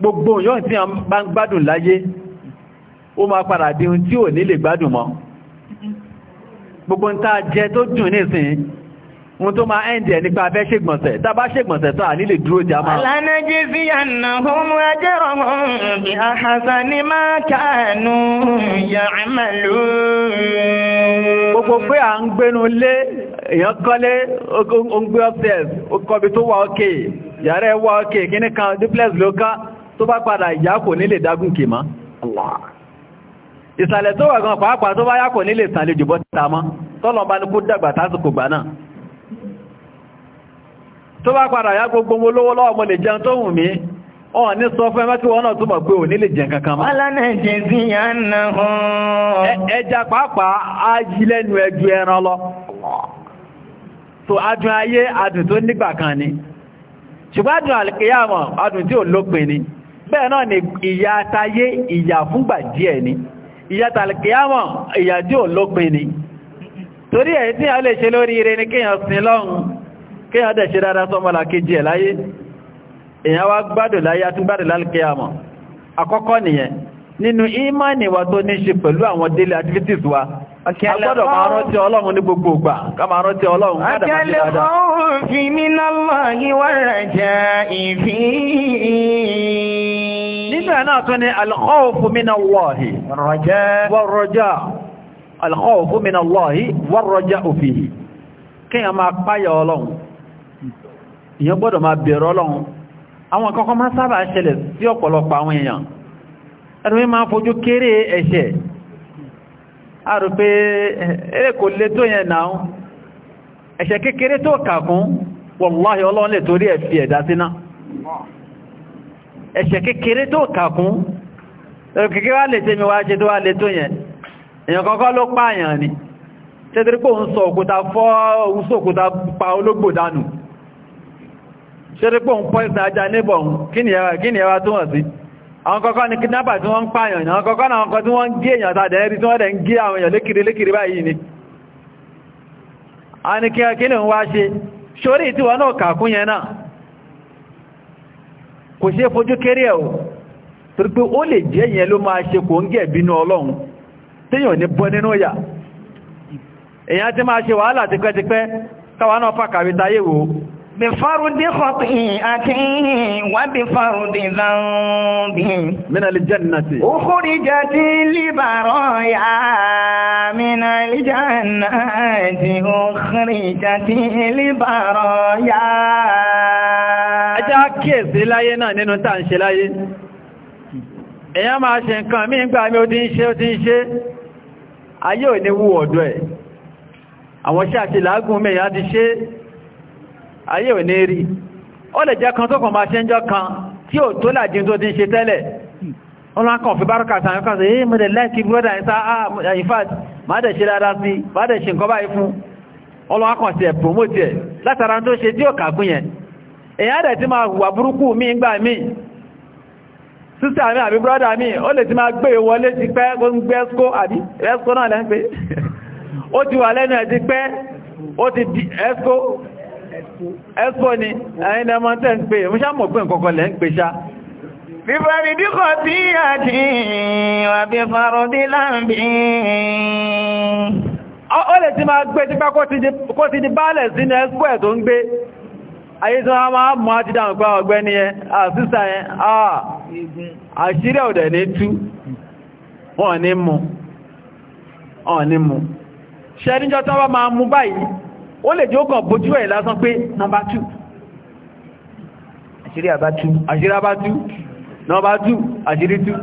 gbogbo yóò tí a bá ń gbádùn láyé ó máa padà di ohun tí ò ní lè gbádùn mọ́ gbogbo ń tàà jẹ tó dùn nísìn ohun tó máa ẹ́ndì ẹ̀ nípa abẹ́ ṣègbọ̀nsẹ̀ tá ṣègbọ̀nsẹ̀ tó à nílè dúró jà máa alánàjẹ́ sí ànàhún ajẹ́rọ̀ ní kan duplex ló tó bá padà ìjà kò nílè dágún ma. mọ́ ìsàlẹ̀ tó wà gan pàápàá tó bá yá kò nílè sàlẹ̀ jùbọ́ títà mọ́ tọ́lọ̀ bá ní kó dàgbà tásìkò gbà náà tó bá padà yá gbogbo olówó lọ́wọ́ mo lè jẹun tó mí ní sọ fún wọ́n náà túnmọ̀ pé ò pàápàá á yí lẹ́nu ẹran lọ so adùn ayé adùn tó nígbà kan ni ṣùgbọ́n adùn adùn tí ò lópin ni bẹ́ẹ̀ náà ni ìyà àtayé ìyà fúngbà díẹ̀ ni ìyà tàlìkìyàmọ̀ ìyà tí ò lópin ni torí ẹ̀ tí a lè ṣe ire ni kíyàn sin kíyàn dẹ̀ ṣe dára sọmọlá kejì ẹ̀ láyé èyàn wá gbádùn láyé àtún gbádùn nìyẹn nínú ìmánì wa tó ní Tírà náà tún ni Alkhawfu minallahi. Rọ̀jẹ́. Wọ́rọ̀já. Alkhawfu minallahi wọ́rọ̀já òfihì. Kí a máa páyà ọlọ́run. Ìyẹn gbọ́dọ̀ máa bèèrè ọlọ́run. Àwọn kankan máa sábà ṣẹlẹ̀ sí ọ̀pọ̀lọpọ̀ àwọn èèyàn. Ẹni máa fojú kéré ẹ̀ṣẹ̀. A rò eh, ẹ̀ ẹ̀ṣẹ̀ kékeré tó kàkún kékeré wá lè tẹ́mi wá ṣe tó wá lè tó yẹn èyàn kọ́kọ́ ló pààyàn ni tẹ́tẹ́rẹ́pò ń sọ òkúta fọ́ òkúta pa ológbò dànù tẹ́tẹ́rẹ́pò ń pọ́ níbọ̀ ni sí àwọn kọ́kọ́ ni kidnapper tí wọ́n ń ni àwọn kọ́kọ́ wọ́n ń gé kò ṣe fojú kéré ẹ̀ o torí pé ó lè jẹ́ yẹn ló máa ṣe kò ń gẹ̀ bínú ọlọ́run téèyàn ní bọ́ nínú yà èèyàn ti máa ṣe wàhálà tipẹ́tipẹ́ káwa náà fàkàrí táyé wò بفرض خطيئته وبفرض ذنبه من الجنة أخرجت لبرايا من الجنة أخرجت لبرايا ẹjá kíèsí láyé náà nínú tàà ń ṣe láyé èyàn máa ṣe nǹkan mí ń gbà mí ó ti ń ṣe ó ti ń ṣe ayé ò ní wú ọ̀dọ̀ ẹ̀ àwọn ṣe àti làágùn mẹ́yàn ti ṣe ayé ò ní rí ó lè jẹ́ kan tó kàn máa ṣe ń jọ kan tí ò tó làjí tó ti ń ṣe tẹ́lẹ̀ ọlọ́n kan fi bárúkà sàmì kan sí èyí mọ́dẹ̀ ah, eh, promote ẹ̀ látara tó ṣe tí ò kàkún yẹn èyí dẹ̀ ti máa wà burúkú mi ń gbà mí sísà mi àbí brọ́dà mi ó lè ti máa gbé e wọlé ti pẹ́ gbẹ́skó Expo ni, ẹ̀yìn ẹmọ tẹ́ ń pè, mú ṣá mọ̀ pé nǹkan lẹ́ ń pè ṣá. Bífàrí díkọ̀ tí àti wà bí farọ́ dí láàbí. Ó lè ti máa gbé tí pá kó ti di bálẹ̀ sínú Expo ẹ̀ tó ń gbé. Ayé tí wọ́n máa mọ́ àti dáhùn pé ọgbẹ́ ni ẹ, àṣíṣà ẹ, àṣírí ọ̀dẹ̀ ní tú, wọ́n ní mú, wọ́n ní mú. Ṣẹ́ríjọ́ tán wá máa mú báyìí, ó lè jẹ́ ó kàn bójú ẹ̀ lásán pé nọmbà 2 àṣírí àbá 2 àṣírí àbá 2 nọmbà 2 àṣírí 2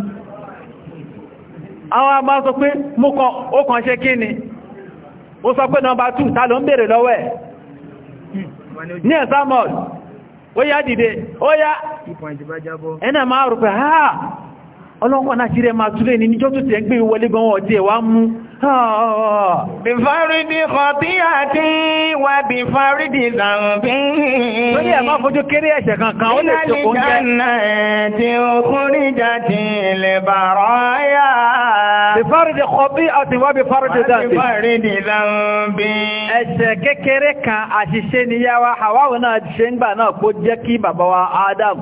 àwọn àbá sọ pé mú kan ó kàn ṣe kí ni ó sọ pé nọmbà 2 ta ló ń bèèrè lọ́wọ́ ẹ̀ ní ẹ̀sá ó yá dìde ó yá ẹ̀nà máa rò háà ọlọ́pàá náà kiri ẹmà túlé ní níjọ́ tó tẹ́ ń gbé wọlé gan wọ́n ọdí tí ó kúrí jáde lè bàrọ̀ yá bífárídì kọ̀tí àti wà bífárídì zàmbín kékeré kan àṣìṣe ni yá náà ṣe ń gbà náà kó jẹ́ kí bàbá wa Ádámù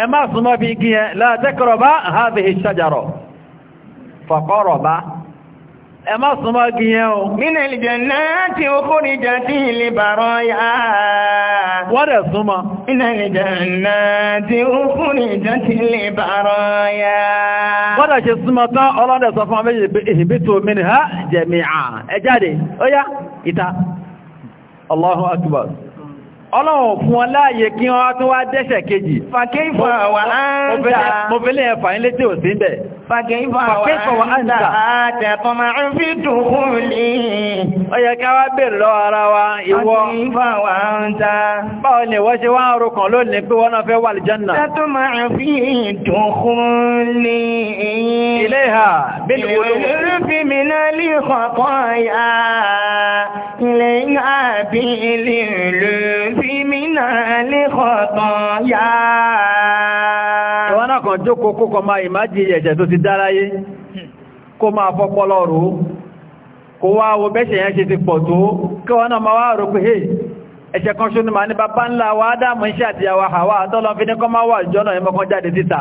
ẹ súnmọ́ bí igi yẹn la taqraba hadhihi ash-shajara faqaraba súnmọ́ igi yẹn o minal jannati ukhrijatil baraya wọ́n rẹ̀ súnmọ́ minal jannati ukhrijatil baraya wọ́n rẹ̀ ṣe súnmọ́ tán ọlọ́dẹ̀ sọ fún méjì Allahu ọlọ́run fún ọ láàyè kí wọ́n tún wá dẹ́ṣẹ̀ kejì fàkẹ́ ìfọ̀ wà áńtà mo fẹ́lẹ̀ ẹ̀fà ilé tí ò sí ń bẹ̀ fàkẹ́ ìfọ̀ wà áńtà àtẹ̀kọ́ máa ń fi dùnkún lè ó yẹ ká wá bèèrè lọ ara wa ìwọ báwo ni ìwọ ṣe wá ń rokàn ilé ìhà bí ilé ìlú náà lè kọ̀tàn yá. Ìwọ́n náà kàn jókòó kó kọ máa ìmájì ẹ̀jẹ̀ tó ti dáráyé, kó máa fọ́pọ́lọ́ rò ó, kó wá wo bẹ́ṣẹ̀ yẹn ṣe ti pọ̀ tó, kí náà máa wá rò pé hey, ẹ̀ṣẹ̀ kan ṣúnú màá ní bàbá ńlá wa Ádámù iṣẹ́ àtìyàwó Hàwá tọ́lọ́ fi ní kọ́ máa wà ìjọ́nà ìmọ̀kan jáde síta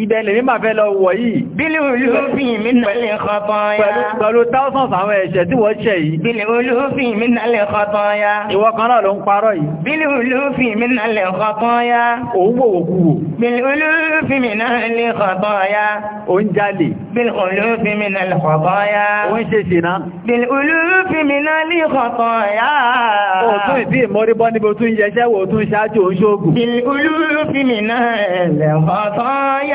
ìdẹ̀ lè mímà fẹ́ lọ wọ̀ yìí bílí olófin mínàlẹ̀ kọtọ́ya pẹ̀lú thousands àwọn ẹ̀ṣẹ̀ tí wọ́n ṣẹ̀ yìí bílí olófin mínàlẹ̀ kọtọ́ya ìwọ kan náà ló ń parọ́ yìí bílí olófin mínàlẹ̀ kọtọ́ya òun wòwò kúwò bílí olófin mínàlẹ̀ kọtọ́ya òun jalè bílí olófin mínàlẹ̀ kọtọ́ya òun ṣe ṣìná bílí olófin mínàlẹ̀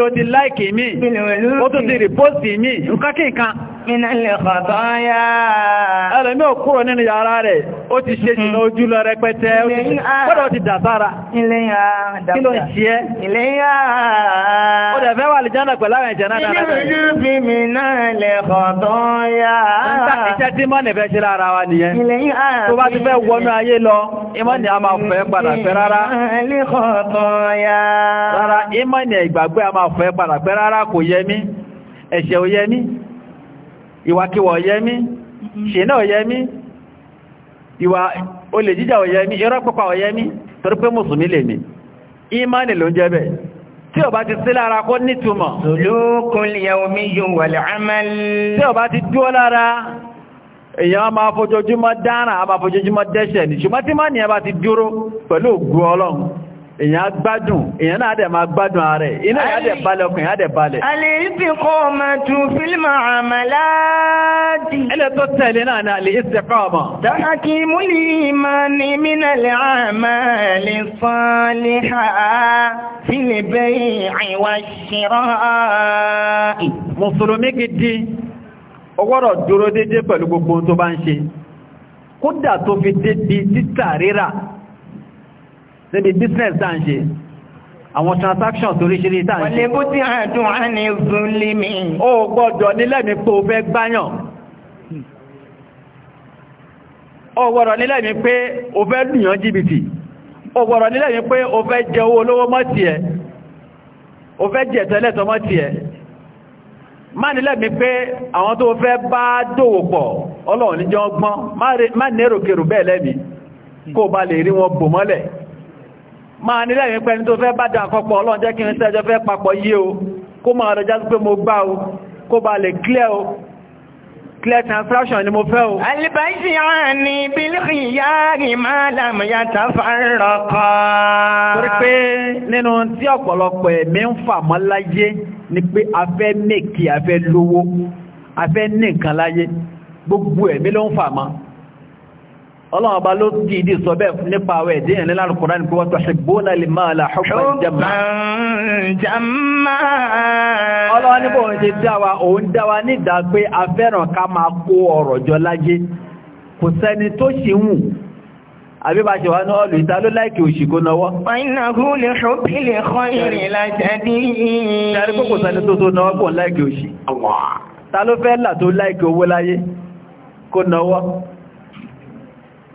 ó ti láìkì mí ó tún ti rìpóòsì mí nǹkan kí nǹkan mínàlẹ̀ kọ̀tọ́yà. ẹlẹ́mí ò kúrò nínú yàrá rẹ̀ ó ti ṣe mm-hmm. jìnà ojú lọ rẹpẹtẹ ó ti dàtàrà kí ló ń ṣe ẹ́. ìléyà. ó dẹ̀ fẹ́ wà lè jẹ́nà pẹ̀lú àwọn ìjẹ́ náà dáadáa. ìlú bí mínàlẹ̀ kọ̀tọ́yà. iṣẹ́ tí mọ́ nìfẹ́ ṣe lára wa nìyẹn. ìléyà. tó bá ti fẹ́ wọnú ayé lọ ìmọ̀ ni a máa fẹ́ padà fẹ́ rárá. ìléyà fẹ́ padà pẹ́ rárá kò yẹ mí ẹ̀ṣẹ̀ ò yẹ mí ìwàkíwà ò yẹ mí ṣe náà ò yẹ mí ìwà olè jíjà ò yẹ mí irọ́ pípa ò yẹ mí torí pé mùsùlùmí lè mí ìmánì ló ń jẹ́ bẹ́ẹ̀ tí ó bá ti sí lára kó nítumọ̀ èyàn máa fojoojúmọ́ dára a máa fojoojúmọ́ dẹ́ṣẹ̀ ní ṣùgbọ́n tí má ní ẹ bá ti dúró pẹ̀lú ògùn ọlọ́run èyàn gbádùn èyàn náà dẹ̀ máa gbádùn ààrẹ iná ìyá dẹ̀ balẹ̀ ọkùn ìyá dẹ̀ balẹ̀. àlèébì kọ́ ọmọ tu fílmà àmàláàdì. ẹlẹ́ tó tẹ̀lé náà ni àlè ìsẹ̀kọ́ ọmọ. dára kí mú ní ìmọ̀ ní mínàlẹ̀ mùsùlùmí gidi ó dúró déédéé pẹ̀lú gbogbo tó bá ń ṣe kódà tó fi débi títà rírà síbi business tá ń ṣe àwọn transactions oríṣiríṣi tá ń ṣe. wọ́n lè bó ti àdùn á ní zulimi. ó gbọ́dọ̀ nílẹ̀ mi pé o fẹ́ gbáyàn ó gbọ́dọ̀ nílẹ̀ mi pé o fẹ́ lùyàn jìbìtì ó gbọ́dọ̀ nílẹ̀ mi pé o fẹ́ jẹ owó olówó mọ́ tiẹ̀ o fẹ́ jẹ tẹ́lẹ̀tọ́ mọ́ tiẹ̀ má nílẹ̀ mi pé àwọn tó fẹ́ bá dòwò pọ̀ ọlọ́run níjọ́ gbọ́n má nérò kèrò bẹ́ẹ̀ lẹ́mi kó ba lè rí wọn bò mọ́lẹ̀ máa nílẹ̀ yìí pẹ́ni tó fẹ́ bá dà àkọpọ̀ ọlọ́run jẹ́ kí n sẹ́jọ́ fẹ́ papọ̀ yí o kó máa rọjá sí pé mo gbá o kó ba lè clear o clear transaction ni mo fẹ́ o. alibaisi ni bílíkì yáàrì máa làmù yàtà fárọkọ. torí pé nínú tí ọ̀pọ̀lọpọ̀ ẹ̀mí ń fà mọ́ láyé ni pé a fẹ́ mèkì a fẹ́ lówó a fẹ́ ní nǹkan láyé gbogbo ẹ̀mí ló ń fà mọ́ ọlọ́run ọba ló dìídì sọ bẹ́ẹ̀ nípa àwẹ̀ ìdí ẹ̀ní láàrín kùnrán ní pé wọ́n tọ́ṣe gbóná lè máa là ṣùgbọ́n jàmá ọlọ́run nípa òun ṣe dáwa òun dáwa nídà pé a fẹ́ràn ká máa kó ọ̀rọ̀ jọ láyé kò sẹ́ni tó wá ní ọlù ìta ló láìkì òṣìkó náwọ́. Ìnàkú lè ṣòbí lè kọ́ ìrìn lájẹ́dí. Ṣẹ́rí kókò sẹ́ni tó tó náwọ́ pọ̀ láìkì òṣì. Ta ló fẹ́ là tó láìkì owó láyé kó náwọ́?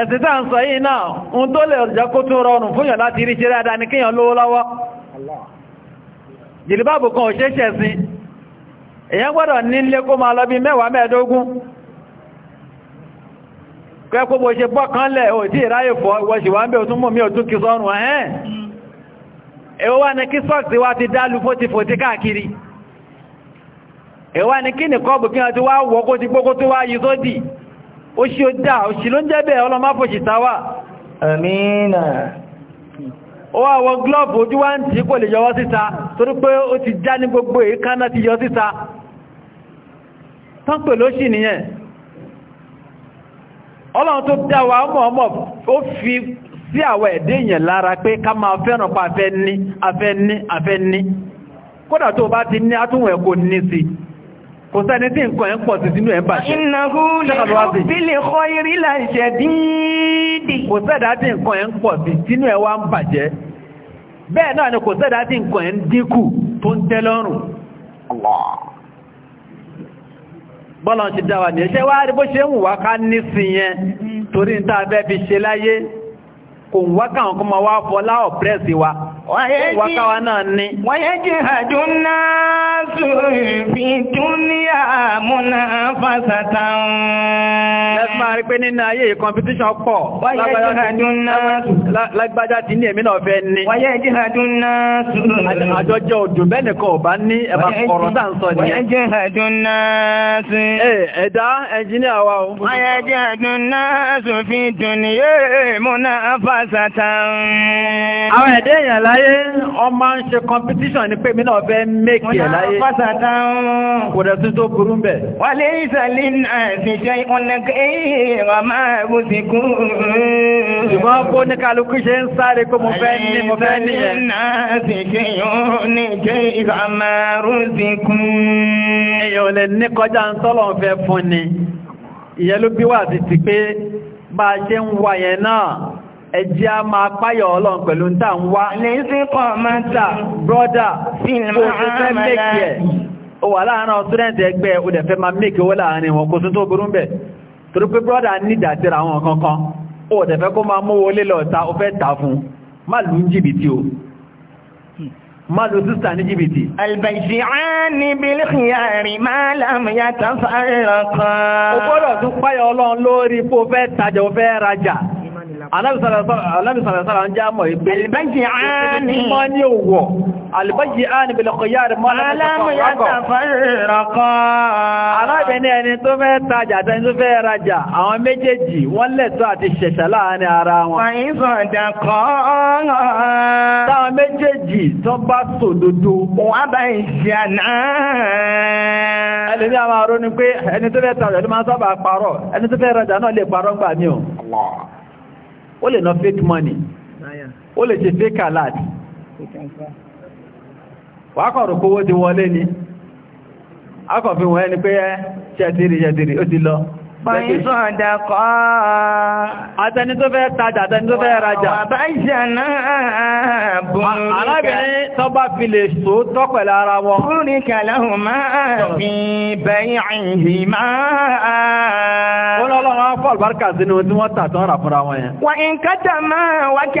ẹ̀sìn tá ń sọ yìí náà ń tó lè jẹ́ kó tún rọrùn fún yàn láti rí ṣe dáadáa ní kíyàn lówó lọ́wọ́ jìlìbáàbù kan ò ṣeéṣẹ̀ sí èyàn gbọ́dọ̀ nílé kó máa lọ bí mẹ́wàá mẹ́ẹ̀dógún kẹ́kọ́ bó ṣe bọ́ kan lẹ̀ ò tí ìráyè fọ́ ìwọ̀ṣì wá ń bẹ́ òtún mọ̀ mí òtún kì sọ́rùn ẹ̀hẹ́n o ó o òṣì ló ń jẹ́ bẹ́ẹ̀ ọlọ́má fòṣì sáwà àmìnà ó wà wọ glove ojú wá ń tí kò lè yọwọ́ síta torí pé ó ti já ní gbogbo èékánná ti yọ síta tán pè lóṣì nìyẹn ọlọ́run tó dá wa ọmọ ọmọ ó fi sí àwọn ẹ̀dẹ́ èèyàn lára pé ká máa fẹ́ràn pa afẹ́ ní afẹ́ ní afẹ́ ní kódà tó bá ti kò sẹ́ni tí nǹkan ẹ̀ ń pọ̀ sí sínú ẹ̀ ń bàjẹ́. ìnáwó lè rọ́ bí lè kọ́ irí láìṣẹ́ díìdì. kò sẹ́dá tí nǹkan ẹ̀ ń pọ̀ sí sínú ẹ̀ wá ń bàjẹ́. bẹ́ẹ̀ náà ni kò sẹ́dá tí nǹkan ẹ̀ ń tó ń tẹ́ lọ́rùn. ti dá wa nìyẹn ṣé bó ṣe ń wá ká ní torí wákàwà náà ní. wáyé jẹ́ àjò náà sórí dúníà múná fásátà lẹ́sùn máa rí pé nínú ayé competition pọ̀ lágbájá tí jẹ́ àjò náà sórí. àjọ ní ẹ̀bá ọ̀rọ̀ tá à ń jẹ́ àjò náà sórí. ẹ̀dá ẹnjìníà wa o. wáyé láyé ọmọ ń ṣe competition ní pé mi náà fẹ́ make ẹ̀ láyé kò rẹ̀ tún tó burú ń bẹ̀. wà lè ìsàlẹ̀ àṣìṣẹ́ ọ̀nàkẹ́ ìrọ̀mà àbúsìkú. ṣùgbọ́n kó ní kálukú ṣe ń sáré pé mo fẹ́ ní mo fẹ́ ní ẹ̀. àṣìṣẹ́ ọ̀nàkẹ́ ìrọ̀mà àbúsìkú. èèyàn lè ní kọjá ń tọ́lọ̀ fẹ́ fún ni ìyẹn ló bí wà sí ti pé bá a ẹjẹ́ a máa páyọ̀ ọlọ́run pẹ̀lú ń tà ń wá lẹ́sìnkọ̀ mọ́ta brọ́dà o wà láàárín àwọn student ẹgbẹ́ o dẹ̀ fẹ́ máa make owó láàárín wọn kò tún tó burú bẹ̀ torí pé brọ́dà nídà tí ra wọn kankan o dẹ̀ fẹ́ kó máa mówó lé lọ́ta o fẹ́ tà fún má lù ń jìbìtì o má lù sísà ní jìbìtì albàṣíáni bilkhiyari máa lámúyá tafàrẹ̀ kan alábìsàrẹ̀sára ń já mọ̀ ìgbé alìbájì áni mọ́ ní òwò alìbájì áni bí lọ́kọ̀yà rẹ̀ mọ́ alábìsàrẹ̀kọ́ alábìní ẹni tó fẹ́ tajà àtẹni tó fẹ́ rajà àwọn méjèèjì wọ́n lẹ́tọ́ àti ṣẹ̀ṣẹ̀ láàrin ara wọn táwọn méjèèjì tó bá sòdodo wọ́n bá ìṣẹ́ àná ẹlẹ́ni àwọn aróní pé ẹni tó fẹ́ tajà ló máa sábà parọ́ ẹni tó fẹ́ rajà náà lè parọ́ gbà ní ọ̀ ó lè ná fake money ó lè ṣe fake alert wákọ̀rù kówó ti wọlé ni akọ̀fin wọ́n ẹni pé ṣẹ́tìrì ṣẹ́tìrì ó ti lọ Fọ́ìsọ̀dà kọ́. Àtẹni tó fẹ́ tajà, àtẹni tó fẹ́ rajà. Àbájá náà bùrù ká. tó bá fi lè so tọ́ pẹ̀lú ara wọn. Bùrù lọ́hùn máa fi bẹ́yìn ìhì máa. Ó fọ́ àlùbáríkà sínú tí wọ́n tà tán rà wọn yẹn. Wà ń kátà máa wá kí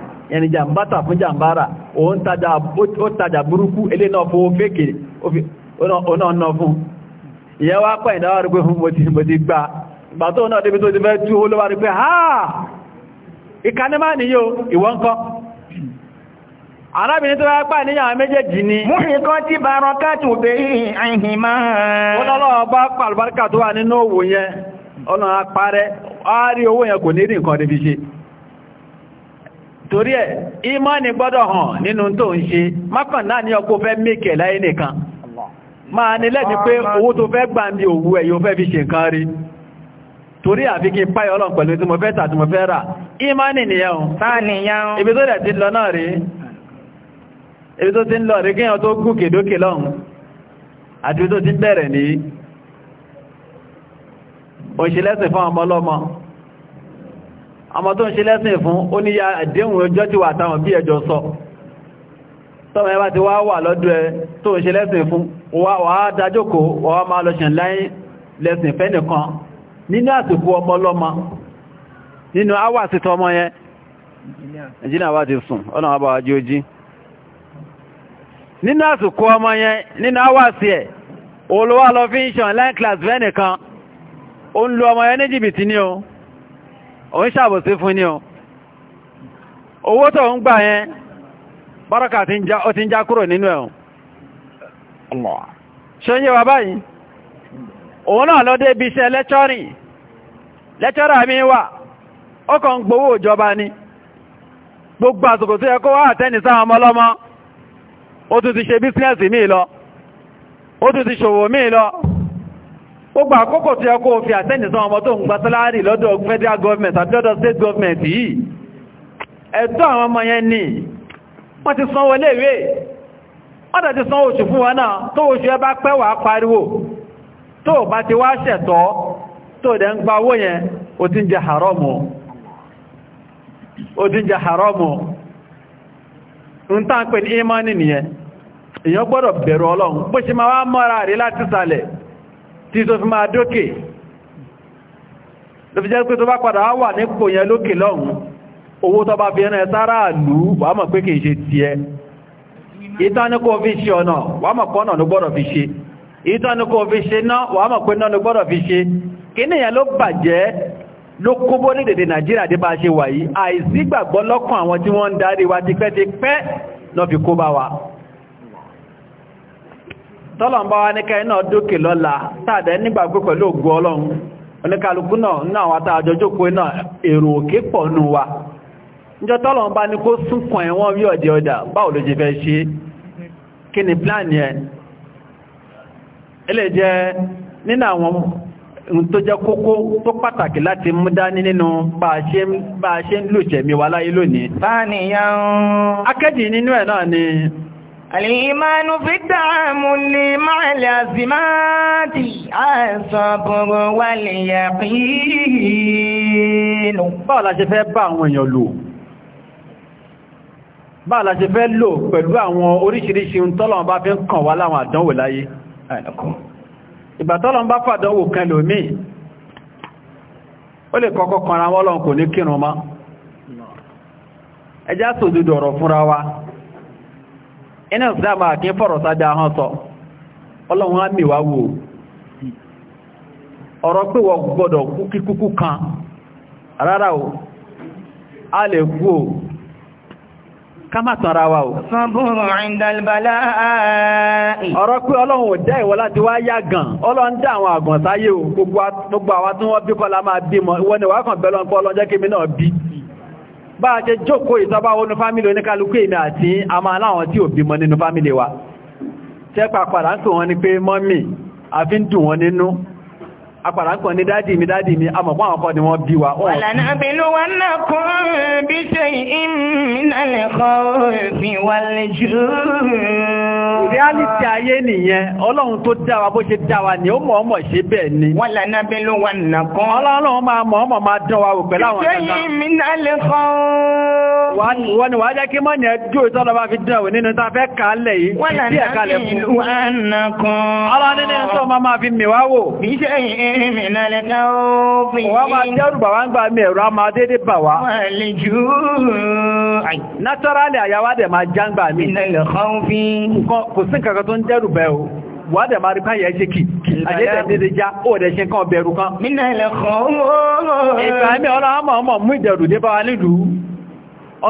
yẹni jàmbá fun fún jàmbára ó tajà burúkú ilé náà fún fèkè onáà fún ìyẹ́ wá pẹ̀ ìdáwà rí pé mo ti náà débi tó ti fẹ́ tú olówà rí pé ìwọ́n kọ́ arábìnrin tó níyàn méjèèjì ni tí bá rán káàtù máa pàlùbáríkà tó wà nínú òwò yẹn owó yẹn kò ní débi ṣe torí ẹ̀ ìmánì gbọ́dọ̀ hàn nínú tó ń ṣe mákàn náà ní ọkọ̀ fẹ́ mẹ́kẹ̀ láyé nìkan máa ní lẹ́ni pé owó tó fẹ́ gbà ń bí òwú ẹ̀ yóò fẹ́ fi ṣe nǹkan rí torí àfi kí páyọ̀ ọlọ́n pẹ̀lú tí mo fẹ́ tà tí mo fẹ́ rà ìmánì nìyẹn ibi tó àmọ́ tó ń ṣe lẹ́sìn fún ó ní ya àdéhùn ọjọ́ ti wà táwọn bí ẹjọ́ sọ tọ́mọ ẹbá ti wá wà lọ́dọ̀ ẹ tó ń ṣe lẹ́sìn fún wà á dájókò wà á máa lọ́ṣìn láyín lẹ́sìn fẹ́ nìkan nínú àsìkò ọmọ lọ́mọ nínú àwà sí tọmọ ọmọ yẹn class fẹ́ nìkan ó ń o òun ṣàbòsí fún ní o owó tó ń gbà yẹn bárọ́kà ti ń já kúrò nínú ẹ̀hùn ṣe ń yẹ wà báyìí òun náà lọ dé iṣẹ́ lẹ́tọ́rìn lẹ́tọ́rà mi wà gbowó ìjọba ni gbogbo àsìkò tó yẹ kó wá àtẹ́ni sáwọn ọmọlọ́mọ ó tún ti ṣe bísínẹ́sì míì lọ ó tún ti ṣòwò míì lọ gbogbo àkókò tó yẹ kó fi àtẹ́nìsàn ọmọ tó ń gba sálárì lọ́dọ̀ federal government àti state government yìí ẹ̀tọ́ àwọn ọmọ yẹn ni wọ́n ti sanwó léèwé wọ́n tẹ̀ ti sanwó oṣù fún wọn náà tó oṣù ẹ bá pẹ́ wà pariwo tó bá ti wá ṣẹ̀tọ́ tó dẹ̀ ń gba owó yẹn ó ti ń jẹ haramu ó ti ń jẹ haramu ń tàn pè ní imani nìyẹn èèyàn gbọ́dọ̀ bẹ̀rù ọlọ́run bó ṣe máa wá mọ́ra rí láti sàlẹ̀ tí tó fi máa dókè ló fi jẹ́ pé tó bá padà wà nípò yẹn lókè lọ́hùn owó tó bá fi ẹran sára àlú wà mọ̀ pé kìí ṣe tiẹ̀ ìtánikọ́ fi ṣe ọ̀nà wà mọ̀ pọ́nà ló gbọ́dọ̀ fi ṣe ìtánikọ́ fi ṣe náà wà mọ̀ pé náà ló gbọ́dọ̀ fi ṣe kí nìyẹn ló bàjẹ́ ló kó ní dèdè nàìjíríà dé bá ṣe wà yìí àìsígbàgbọ́ lọ́kàn àwọn tí wọ́n ń darí wa tipẹ́tipẹ́ lọ́ fi kó wa tọ́lọ̀mbá wá ní kẹ́ náà dókè lọ́la tààdẹ̀ nígbàgbé pẹ̀lú ògùn ọlọ́run oníkàlùkù náà náà àwọn tàà àjọjọ́ pé náà èrò òkè pọ̀ nù wa níjọ́ tọ́lọ̀mbá ní kó súnkàn ẹ̀wọ̀n bí ọ̀dẹ̀ ọjà, báwo ló jẹ fẹ́ ṣe kí ni pláàni ẹ̀ ilé jẹ́ nínú àwọn tó jẹ́ kókó tó pàtàkì láti mú dání nínú bá a ṣe ń lò jẹ̀mí wa láyé lónìí الإيمان في التعامل مع الأزمات الصبر واليقين báwo la ṣe fẹ́ bá àwọn èèyàn lò báwo la ṣe fẹ́ lò pẹ̀lú àwọn oríṣiríṣi tọ́lọ̀n bá fi ń kàn wá láwọn àdánwò láyé ìgbà tọ́lọ̀n bá fàdánwò kan lòmí ó lè kọ́kọ́ kanra wọ́lọ́n kò ní kírùn-ún mọ́ ẹjá sòdúdọ̀rọ̀ fúnra iná ìsìlámà kí ń fọ̀rọ̀ sábẹ́ ahọ́n sọ ọlọ́run á mì wá wò ọ̀rọ̀ pé wọ́n gbọ́dọ̀ kú kíkúkú kan rárá o a lè kú o ká má tanra wa o sọ́bùrù ìdàlbàlá ọ̀rọ̀ pé ọlọ́run ò dá ìwọ láti wá yá gan ọlọ́run dá àwọn àgàn o gbogbo àwa tí wọ́n bí kọ́lá bá a jẹ jókòó ìtọ́bá wọnú fámílì oníkálukú èmì àti àmà aláwọn tí ò bímọ nínú fámílì wa tẹ́ pàpàdà ń pè wọ́n ní pé mọ́mì àfi ń dùn wọ́n nínú apàdà ń pè ní dádì mi dádì mi amọ̀pọ̀ àwọn kan ni wọ́n bí wa. wàlànà reality ayé nìyẹn ọlọ́run tó dá wa bó ṣe dá wa ni ó mọ̀ ọmọ ṣe bẹ́ẹ̀ ni. wọ́n lè ná bí ló wà nàkan. ọlọ́run máa mọ̀ ọmọ máa dán wa wò pẹ̀lú àwọn kankan. ìṣe yìí mi náà lè kọ́ wọ́n ni wàá jẹ́ kí mọ́ ní ẹjọ́ ìtọ́lọ bá fi dẹ̀wò nínú tá fẹ́ kàálẹ̀ yìí bí ẹ̀kàlẹ̀ fún ọlọ́ nínú ẹ̀sọ́ ma máa fi mìwáwò wọ́n máa dẹ́rù bà wá ń gbà mí ẹ̀rọ máa dédé bà wá naturally àyàwádẹ̀ máa jáǹgbà mí kò kò sí nǹkan kan tó ń dẹ́rù bẹ́ o wà dẹ̀ máa rí káyẹ̀ ṣe kì àjẹ́dẹ̀dẹ̀ já ó dẹ̀ ṣe nǹkan bẹ̀rù kan ìgbàmí ọ̀rọ̀ àmọ́ ọmọ mú ìdẹ̀rù dé bá wa nílùú ọ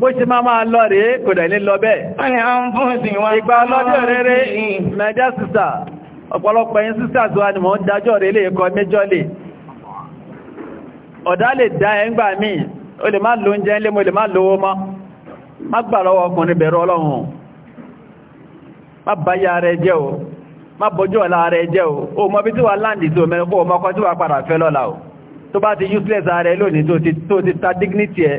bó ṣe máa máa lọ rèé kò dẹ̀ ní lọ bẹ́ẹ̀ ìgbà ọlọ́dẹ̀ rere mẹ́jẹ́ sísà ọ̀pọ̀lọpọ̀ yín sísà tó wà ní mọ̀ ń dájọ́ rẹ̀ lè kọ méjọ́ lè ọ̀dá lè dá ẹgbà míì o lè má lo oúnjẹ ilé mo lè má lówó mọ́ má gbà lọ́wọ́ ọkùnrin bẹ̀rọ ọlọ́run má báyà rẹ jẹ́ o má bójú ọ̀la rẹ jẹ́ o o mọ́ bí tí wà láǹdì tó mẹ́rin kó o mọ́kọ́ tí wà padà fẹ́ lọ́la o tó bá ti useless rẹ lónìí tó ti ta dignity ẹ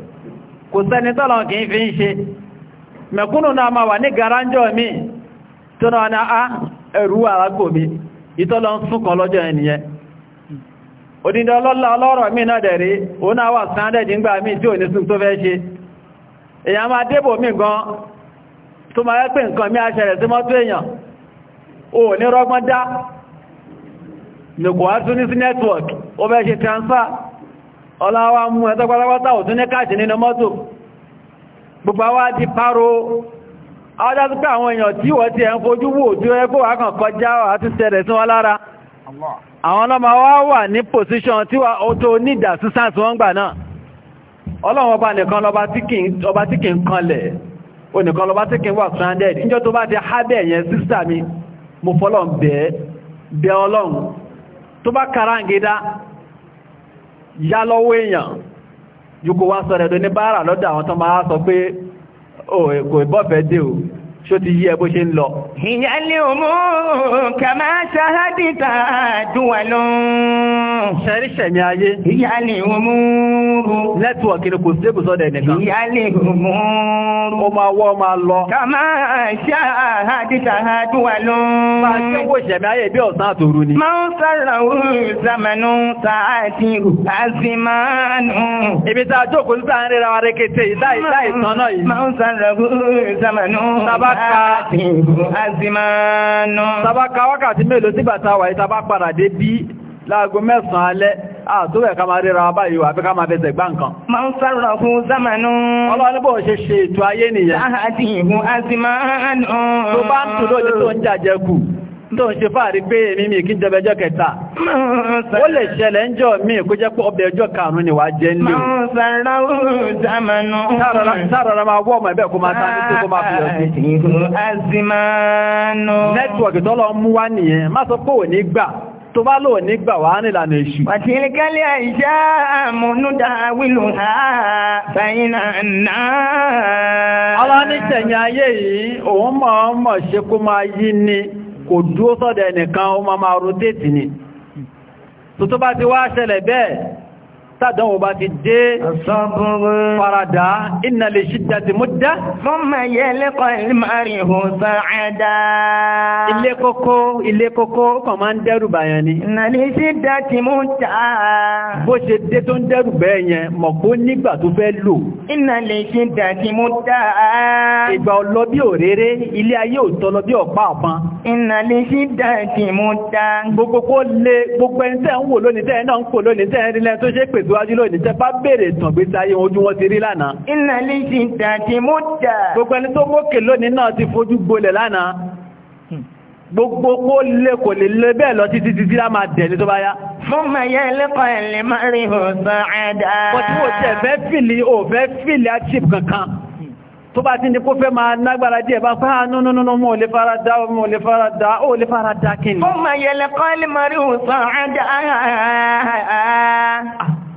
kò sẹ́ni nke kì í fi ń ṣe mẹ̀kúnnù náà ma wà ní garanjọ́ mi tó náà ní a ah, ẹ̀rù àrágbò mi ìtọ́lọ̀ ń súnkọ lọ́jọ́ ẹniyẹ òdíndọ́ ọlọ́rọ̀ mi náà dẹ̀rí òun náà wà sáńdẹ̀dì ńgbà mi tí ò ní sún tó fẹ́ ṣe èyàn máa débò mí gan tó máa yẹ́ nǹkan mi á sí mọ́tò èèyàn ò ní rọ́gbọ́n dá nìkò wá tún ní sí nẹ́tíwọ̀kì ó fẹ́ ṣe transfer ọláwà mú ẹ̀tọ́ pátápátá ò tún ní káàkiri nínú mọ́tò gbogbo wá di paro ọdájú pé àwọn èèyàn tí wọ́n ti ẹ̀ ń fojú wò tí ó ẹgbò wákàn kọjá àti sẹ̀rẹ̀ sí wọn lára àwọn ọlọ́mọ wá wà ní pòsíṣọ́n tí ó tó nídà sísáǹsì wọ́n gbà náà ọlọ́wọ́n ọba nìkan lọba tí kì ń kanlẹ̀ o tó bá ti hábẹ̀ yẹn mi mo fọ́lọ́ bẹ̀ẹ́ bẹ́ ọlọ́run tó bá yá lọ́wọ́ èèyàn yóò kó wá sọ̀rọ̀ ẹ̀dọ́ ní báárà lọ́dọ̀ àwọn tó máa sọ pé kò ìbọ́fẹ́ dé o ṣó ti yí ẹ bó ṣe ń lọ. ìyálé òmù kàmá ṣáhádìtà àdúwà lọ. ṣẹ̀ríṣẹ̀mí ayé. ìyálé òmù. nẹ́tíwọ̀kì ni kò sébù sọ́dọ̀ ẹnìkan. ìyálé òmù. ó máa wọ́ máa lọ. kàmá ṣáhádìtà àdúwà lọ. máa ṣe owó ìṣẹ̀mí ayé bí ọ̀sán àtòru ni. máa ń sára òun zamanu sáàtì àzìmánù. ibi tá a jókòó nípa Tabaka wákàtí mélòó tí bàtà wà ìta bá padà dé bí láago mẹ́sàn-án alẹ́, àtúwẹ̀ ká máa ríra báyìí wà bí ká máa bẹ̀sẹ̀ gbá nǹkan. Ma ń sára fún zámanú. Ọlọ́nibọ̀ ṣe ṣe ètò ayé nìyẹn. Láàdì ìhun azìmánú. Tó bá ń tù lóòjẹ́ tó ń jàjẹ́ kù. tó ń ṣe fàárí pé èmi mi kí jẹba ẹjọ́ kẹta ó lè ṣẹlẹ̀ ń jọ mi kó jẹ́ pọ̀ ọbẹ̀ ẹjọ́ karùn-ún ni wà jẹ́ nílò sáàrọ̀rọ̀ máa ọmọ ẹ̀bẹ̀ kó wá ní ha náà. Ọlá ní tẹ̀yìn máa yí ni kò dúó sọ́dọ̀ ẹnìkan ó máa máa rotate ni tó tó bá ti wá ṣẹlẹ̀ bẹ́ẹ̀ tádánwò bá ti dé farada iná lè ṣídá ti mú dá fún mẹ́yẹ lẹ́kọ̀ ìlmàrí hùn sàádá ilé kókó ilé kókó kọ̀ máa ń dẹ́rù bàyàn ni iná lè ṣídá ti mú dá bó ṣe dé tó ń dẹ́rù bẹ́ẹ̀yẹn mọ̀ kó nígbà tó fẹ́ lò iná lè ṣídá ti mú dá ìgbà ọlọ bí òréré ilé ayé òtọlọ bí ọ̀pá ọ̀pán iná lè ṣídá ti mú dá gbogbo kó lé gbogbo ẹni tẹ́ ń wò lónìí tẹ́ náà ń kò lónìí tẹ́ ń rí lẹ́ tó ṣe pèsè tẹ̀síwájú lónìí tẹ́ bá bèèrè tàn gbé ojú wọn ti rí lánàá. iná lè ṣe ìdàtí mú dà. gbogbo ẹni tó mókè lónìí náà ti fojú gbolẹ̀ lánàá hmm. gbogbo kó lè kò lè lè bẹ́ẹ̀ lọ títí títí lá máa dẹ̀ ní tó bá yá. fún mayẹ́ lẹ́kọ̀ọ́ ẹ̀lẹ́ máa rí ọ̀sán àdá. wọ́n tí tẹ̀ fẹ́ fìlì ò fẹ́ fìlì àchíp kankan tó bá ti ní kó fẹ́ máa nágbára díẹ̀ bá pẹ́ àánú nínú mọ́ lè fara dá mọ́ lè fara dá ó lè fara dá kí ni. fún mayẹ́ lẹ́kọ̀ọ́ ẹ̀lẹ́ máa rí ọ̀sán àdá.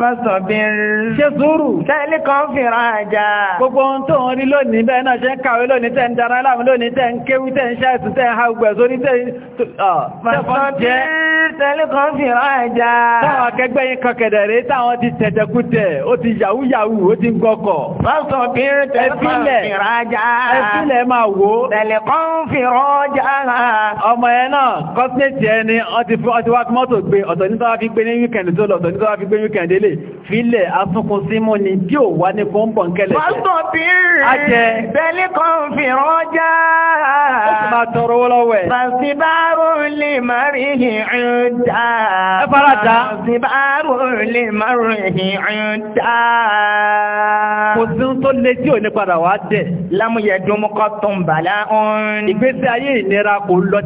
Fásọ̀bìn ṣe sùúrù tẹ́lẹ̀ kan fìrà àjà. Gbogbo ohun tó ń rí lónìí bẹ́ẹ̀ náà ṣe ń kàwé lónìí tẹ́ ń dara láàmú lónìí tẹ́ ń kéwú tẹ́ ń ṣàìsùn tẹ́ ń ha gbẹ̀ sórí tẹ́ Fásọ̀bìn tẹ́lẹ̀ kan fìrà àjà. Táwọn akẹgbẹ́ yín kan kẹ̀dẹ̀ rèé táwọn ti tẹ̀tẹ̀kútẹ̀, ó ti yahoo yahoo, ó ti ń gọkọ̀. tẹ́lẹ̀ kan fìrà àjà. Ẹ̀sílẹ̀ máa wò. Tẹ́lẹ̀ kan fìrà àjà. Ọmọ lè fílẹ̀ afúnkun sí mú ni bí ò wá ní kọ́ńpọ̀ ń kẹlẹ̀ jẹ́ bẹ́lẹ̀ kan fi rọ́jà ó sì máa tọrọ owó lọ́wọ́ ẹ̀ fàṣíbárò lè má rí ìrìndà ẹ fara dá fàṣíbárò lè má rí ìrìndà kò sí ń tó lé tí ò ní padà wá dẹ̀ lámúyẹ̀dúnmọ́kọ́ tó ń bàlá ọ̀rìn ìgbésí ayé ìnira kò lọ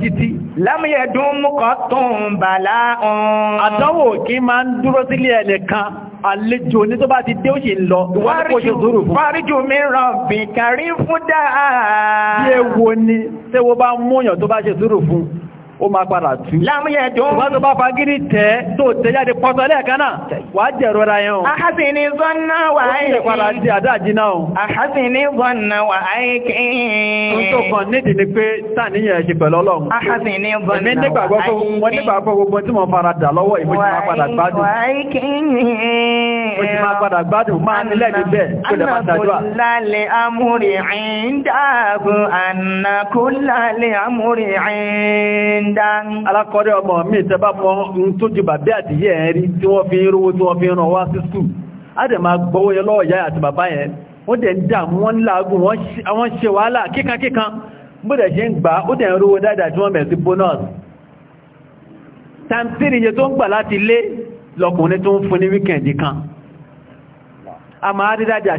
àdánwò kí máa ń dúró sílé ẹnìkan àlejò ní tó bá ti dé ó ṣe ń lọ ìwọ́n kó ṣe zúrù fún. fáríjù mi ràn tó bá ṣe zúrù fún ó máa padà tú. lámúyẹ̀ dùn. ṣùgbọ́n tó bá fagídí tẹ́ tó tẹ́ jáde pọ́tọ́ lẹ́ẹ̀kan náà wàá jẹ̀rọ ra yẹn o. àhásìní zọ́nà wà áyíkì. ó ti padà di àdáàjì náà o. àhásìní zọ́nà wà áyíkì. ó tó kàn nídìí ni pé sàníyàn ṣe pẹ̀lú ọlọ́run. àhásìní zọ́nà wà áyíkì. èmi nígbàgbọ́ pé mo alákọ̀ọ́rẹ́ ọmọ mi tẹbá mọ́ ń tó jù bàbí àti yẹ́ ẹ̀rí tí wọ́n fi ń rówó tí wọ́n fi ń ràn wá sí skú a dẹ̀ máa gbọ́wó yẹ lọ́wọ́ ìyá àti bàbá yẹn wọ́n dẹ̀ ń dààmú wọ́n láàgùn wọ́n ṣe wàhálà kíkankíkan bó dẹ̀ ṣe ń gbà ó dẹ̀ ń rówó dáadáa tí wọ́n mẹ̀ sí bonus tàǹtírì iye tó ń gbà láti lé lọkùnrin tó ń fún ní wíkẹ̀ndì kan a máa rí dáadáa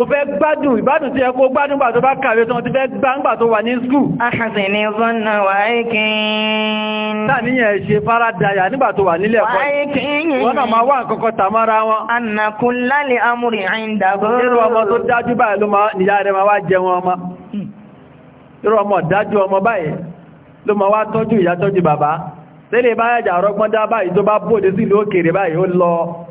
ó fẹ́ gbádùn ìbádùn tí ẹ kó gbádùn gbà tó bá kàwé tán ti fẹ́ gbáǹgbà tó wà ní skúù. ahàzìní zọ́nà wáyékín. tàníyàn ṣe fáradàyà nígbà tó wà nílẹ̀ ẹ̀kọ́ wọ́n náà máa wà kọ́kọ́ tàmára wọn. ànàkùn lálẹ́ amúrì àìndàgbò. irú ọmọ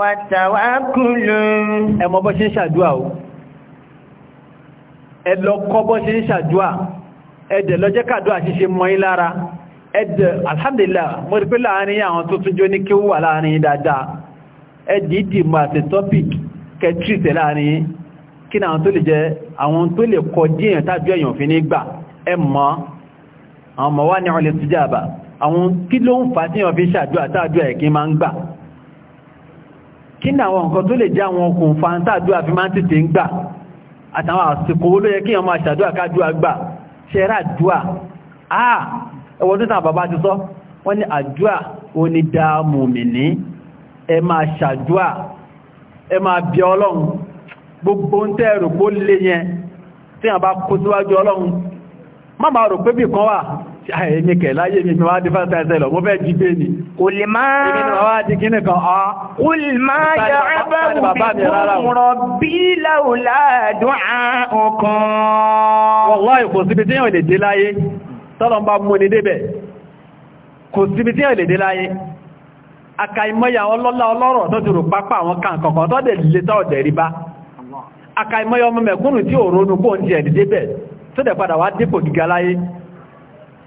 wàtàwákùlù. ẹ mọ bọ́ ṣe ń ṣàdúà o ẹ lọ kọ́ bọ́ ṣe ń ṣàdúà ẹ̀dẹ̀ lọ́jẹ́ kàdúà ṣíṣe mọ́ yín lára ẹ̀dẹ̀ alhamdulillah mo rí pé láàrin àwọn tó tún jó ní kí wà láàrin dáadáa ẹ̀dìdì mọ̀ àti topic kẹtìrìtẹ̀ láàrin kí náà tó lè jẹ́ àwọn tó lè kọ díẹ̀yàn tájú ẹ̀yàn fi ní gbà ẹ mọ́ àwọn mọ̀ wá ní ọlẹ́ tìjàbà àwọn kí ló ń fà tí wọ́n fi ṣàdúà tájú ẹ̀ kí máa ń gbà kí ní àwọn nǹkan tó lè jẹ́ àwọn okùn fàntàdúwà fi máa ń tètè ń gbà àtàwọn àsìkò ló yẹ kí ọmọ àṣàdúwà kájúwà gbà ṣẹ́rà àdúwà àà ẹwọ́n tó tàn bàbá ti sọ wọ́n ní àdúwà ó ní dáàmù mì ní ẹ máa ṣàdúwà ẹ máa bí ọlọ́run gbogbo ń tẹ́rù pó lé yẹn tí wọ́n kó síwájú ọlọ́run má máa rò pé bì kan wà àìmí kẹ̀lá yé mi wá di fásitì ẹsẹ̀ lọ mo fẹ́ jí gbé ni. kò lè máa èmi ni wàá di kíni kan ọ́. Ah. kò lè máa yọ abẹ́rù bí kúrọ̀ bí làwùlà dùn án ọkàn. wọ́n kò síbi tí yóò lè dé láyé tọ́lọ̀ ń bá mú ni débẹ̀ kò síbi tí yóò lè dé láyé àkàìmọ́yà ọlọ́lá ọlọ́rọ̀ tó ti rò pápá àwọn kàǹkọ̀kọ̀ tó dẹ̀ lè tọ́ ọ̀dẹ̀ rí bá àkàìmọ́yà ọmọ mẹ̀kúnnù tí òrónú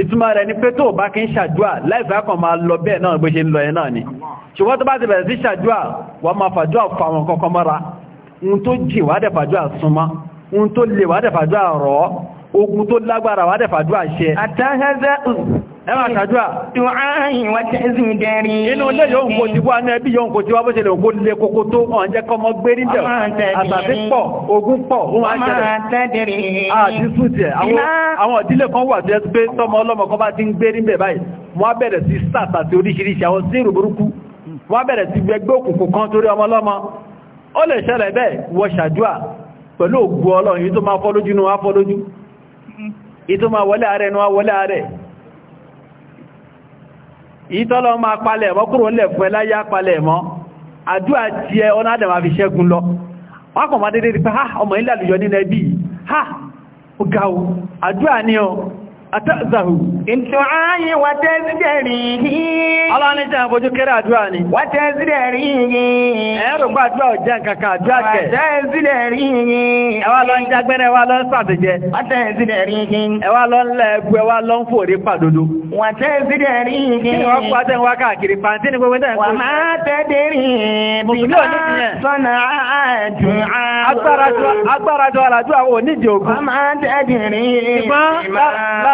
ìtumọ̀ rẹ̀ ni pé tó bá kí ń ṣàdúà láìfẹ́ kan máa lọ bẹ́ẹ̀ náà bó ṣe ń lọ ẹ̀ náà ni ṣùgbọ́n tó bá ti bẹ̀rẹ̀ sí ṣàdúà wà máa fàdúà fàwọn kankan mọ́ra ohun tó jì wà dẹ̀ súnmọ́ ohun tó le wà dẹ̀ fàdúà rọ̀ ogun tó lágbára wà dẹ̀ ṣe ẹwà àtàdúrà. Dùháyìn wá tẹ́sí dẹ́rí. Inú ilé yóò kò ti wá ní ẹbí yóò Wọ́n bẹ̀rẹ̀ sí sàt àti oríṣiríṣi àwọn zero burúkú. Wọ́n bẹ̀rẹ̀ sí gbẹgbẹ́ òkùnkùn kan torí ọmọ Ó lè ṣẹlẹ̀ bẹ́ẹ̀ wọ ṣàdúà pẹ̀lú ògùn ọlọ́run yìí tó máa fọ́ ìtọ́lọ máa palẹ̀ mọ́ kúrò lẹ̀ fún ẹláyé palẹ̀ mọ́ àdúrà tí ẹ ọ́nà àdàmà fi ṣẹ́gun lọ wọ́n dédé rí pé ha ọmọ ilẹ̀ àlùyọ nínú ẹbí ha ó ga o àdúrà ní o àtẹ́zàhù. ìtùráyí wà tẹ́sídẹ̀rí yìí. ọlọ́ni jẹ́ àbójú kéré àdúrà ni. wà tẹ́sídẹ̀rí yìí. ẹ̀rùngbà àdúrà ò jẹ́ àdúrà kẹ̀. wà tẹ́sídẹ̀rí yìí. ẹwà lọ ń jágbẹ́rẹ́ ẹwà lọ ń sàtẹ̀jẹ. wà tẹ́sídẹ̀rí yìí. ẹwà lọ ń lẹ́ẹ̀kú ẹwà lọ ń fòrí ni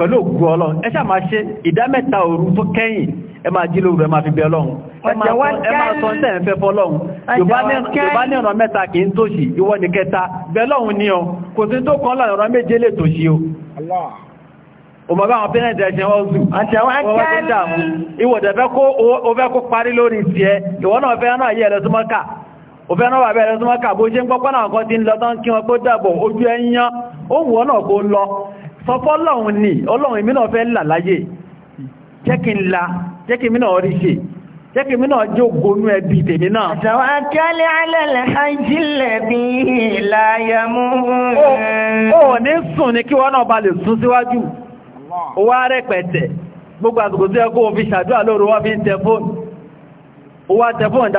pẹ̀lú ògùn ọlọ́run ẹ máa ṣe ìdá òru tó kẹ́yìn ẹ máa jí lóru ẹ máa fi bẹ ọlọ́run ẹ máa sọ tẹ́ ma fọ́lọ́run yorùbá ní ọ̀nà mẹ́ta ní kẹta bẹ ni ọ kò sí tó kọ́ ọ̀nà méje lè tòṣì o òmò bá wọ́n tó dàmú ìwọ̀dẹ̀ fẹ́ kó parí lórí náà fẹ́ náà yẹ òfẹ́ náà wà bó ṣe ń sọ fọ́lọ́run ní ọlọ́run èmi náà fẹ́ là láyé jẹ́kí ńlá jẹ́kí mi rí ṣe jẹ́kí mi náà jẹ́ ògbónú ẹbí tèmi náà. àtàwákálẹ̀ alẹ́lẹ̀ ajílẹ̀ ní sùn ní kí wọ́n náà síwájú gbogbo fi kan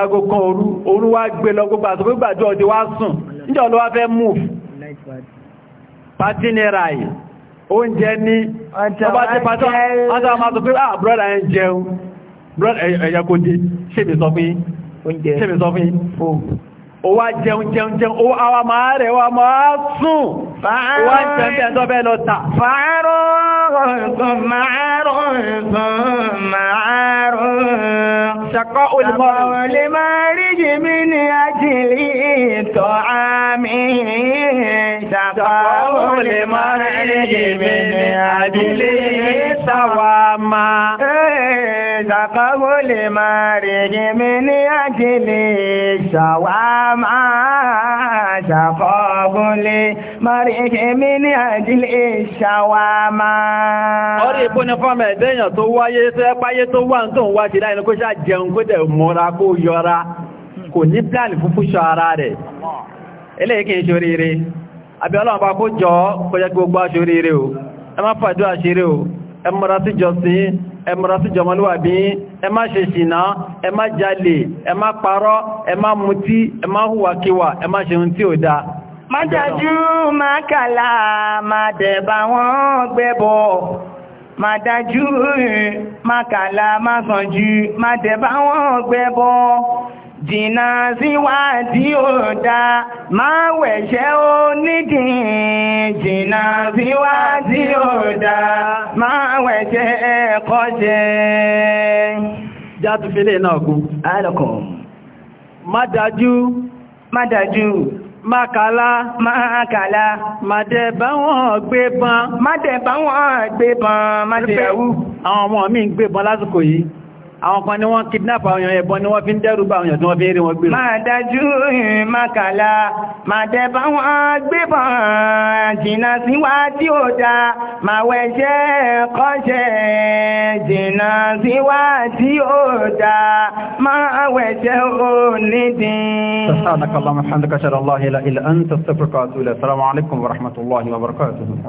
òru òru wá gbé lọ gbogbo àsìkò gbàjọ́ ọdí wá sùn níjọ́ ló wá fẹ́ múùfù pàtí ní ra yìí oúnjẹ ní ọba tí pàtó àtàwọn máa sọ ah brọ́dà ẹ jẹun brọ́dà ẹ̀yà kò dé ṣèbí sọ fún oúnjẹ ṣèbí sọ fún ó wá jẹun jẹun jẹun ó àwà máa rẹ̀ wà máa sùn wá jẹun jẹun tó bẹ́ẹ̀ lọ tà fàárọ̀ ọ̀sán màárọ̀ rí jìmí ní ajílì ìtọ̀ àmì لمرعه من عدله صواما سقه لمرعه من عدله صواما ni fọ́mọ̀ eh, tó wáyé tó ẹpáyé tó wà ń tó ń wá ti láìní kó kó mọ́ra yọra kò ní pláàlì fún ara rẹ̀ eléyìí kìí ṣoríire àbí ọlọ́run bá kó jọ kó jẹ́ gbogbo aṣòrí rẹ̀ o ẹ fàájú àṣírí o ẹ sí jọsìn ẹ sí jọmọlúwàbí ẹ ṣe ṣìnà ẹ jalè ẹ parọ́ ẹ mutí ẹ má hùwàkíwà ẹ ṣe ohun tí ò dáa májájú mákàlá máa dẹ̀bà wọ́n gbẹ́bọ̀ májájú jìnnà síwádìí ò dáa máa wẹ̀ṣẹ́ ó nídìí jìnnà síwádìí ò dáa máa wẹ̀ṣẹ́ ẹ̀kọ́ jẹ́ játúfilé náà kú alọ́kọ̀ má dájú má dájú Mákàlá. Mákàlá. Màdẹ̀bá wọn gbé bọn. Màdẹ̀bá wọn gbé bọn. Màdẹ̀bá wọn gbé àwọn kan ni wọ́n kidnap àwọn èèyàn ẹ̀bọn ni wọ́n fi ń dẹ́rù bá àwọn èèyàn tí wọ́n fi ń rí wọn gbèrò. máa dájú ìmọ̀kàlá máa dẹ̀bọn wọn gbébọn jìnnà síwá tí ó da máa wẹ̀ṣẹ́ kọ́ṣẹ́ jìnnà síwá tí ó da máa wẹ̀ṣẹ́ onídìí. sàṣà àdàkàlà muhammed kashara allah ilà ilà anta astaghfiruka wa atubu ilayk assalamu alaikum wa rahmatullahi wa barakatuh.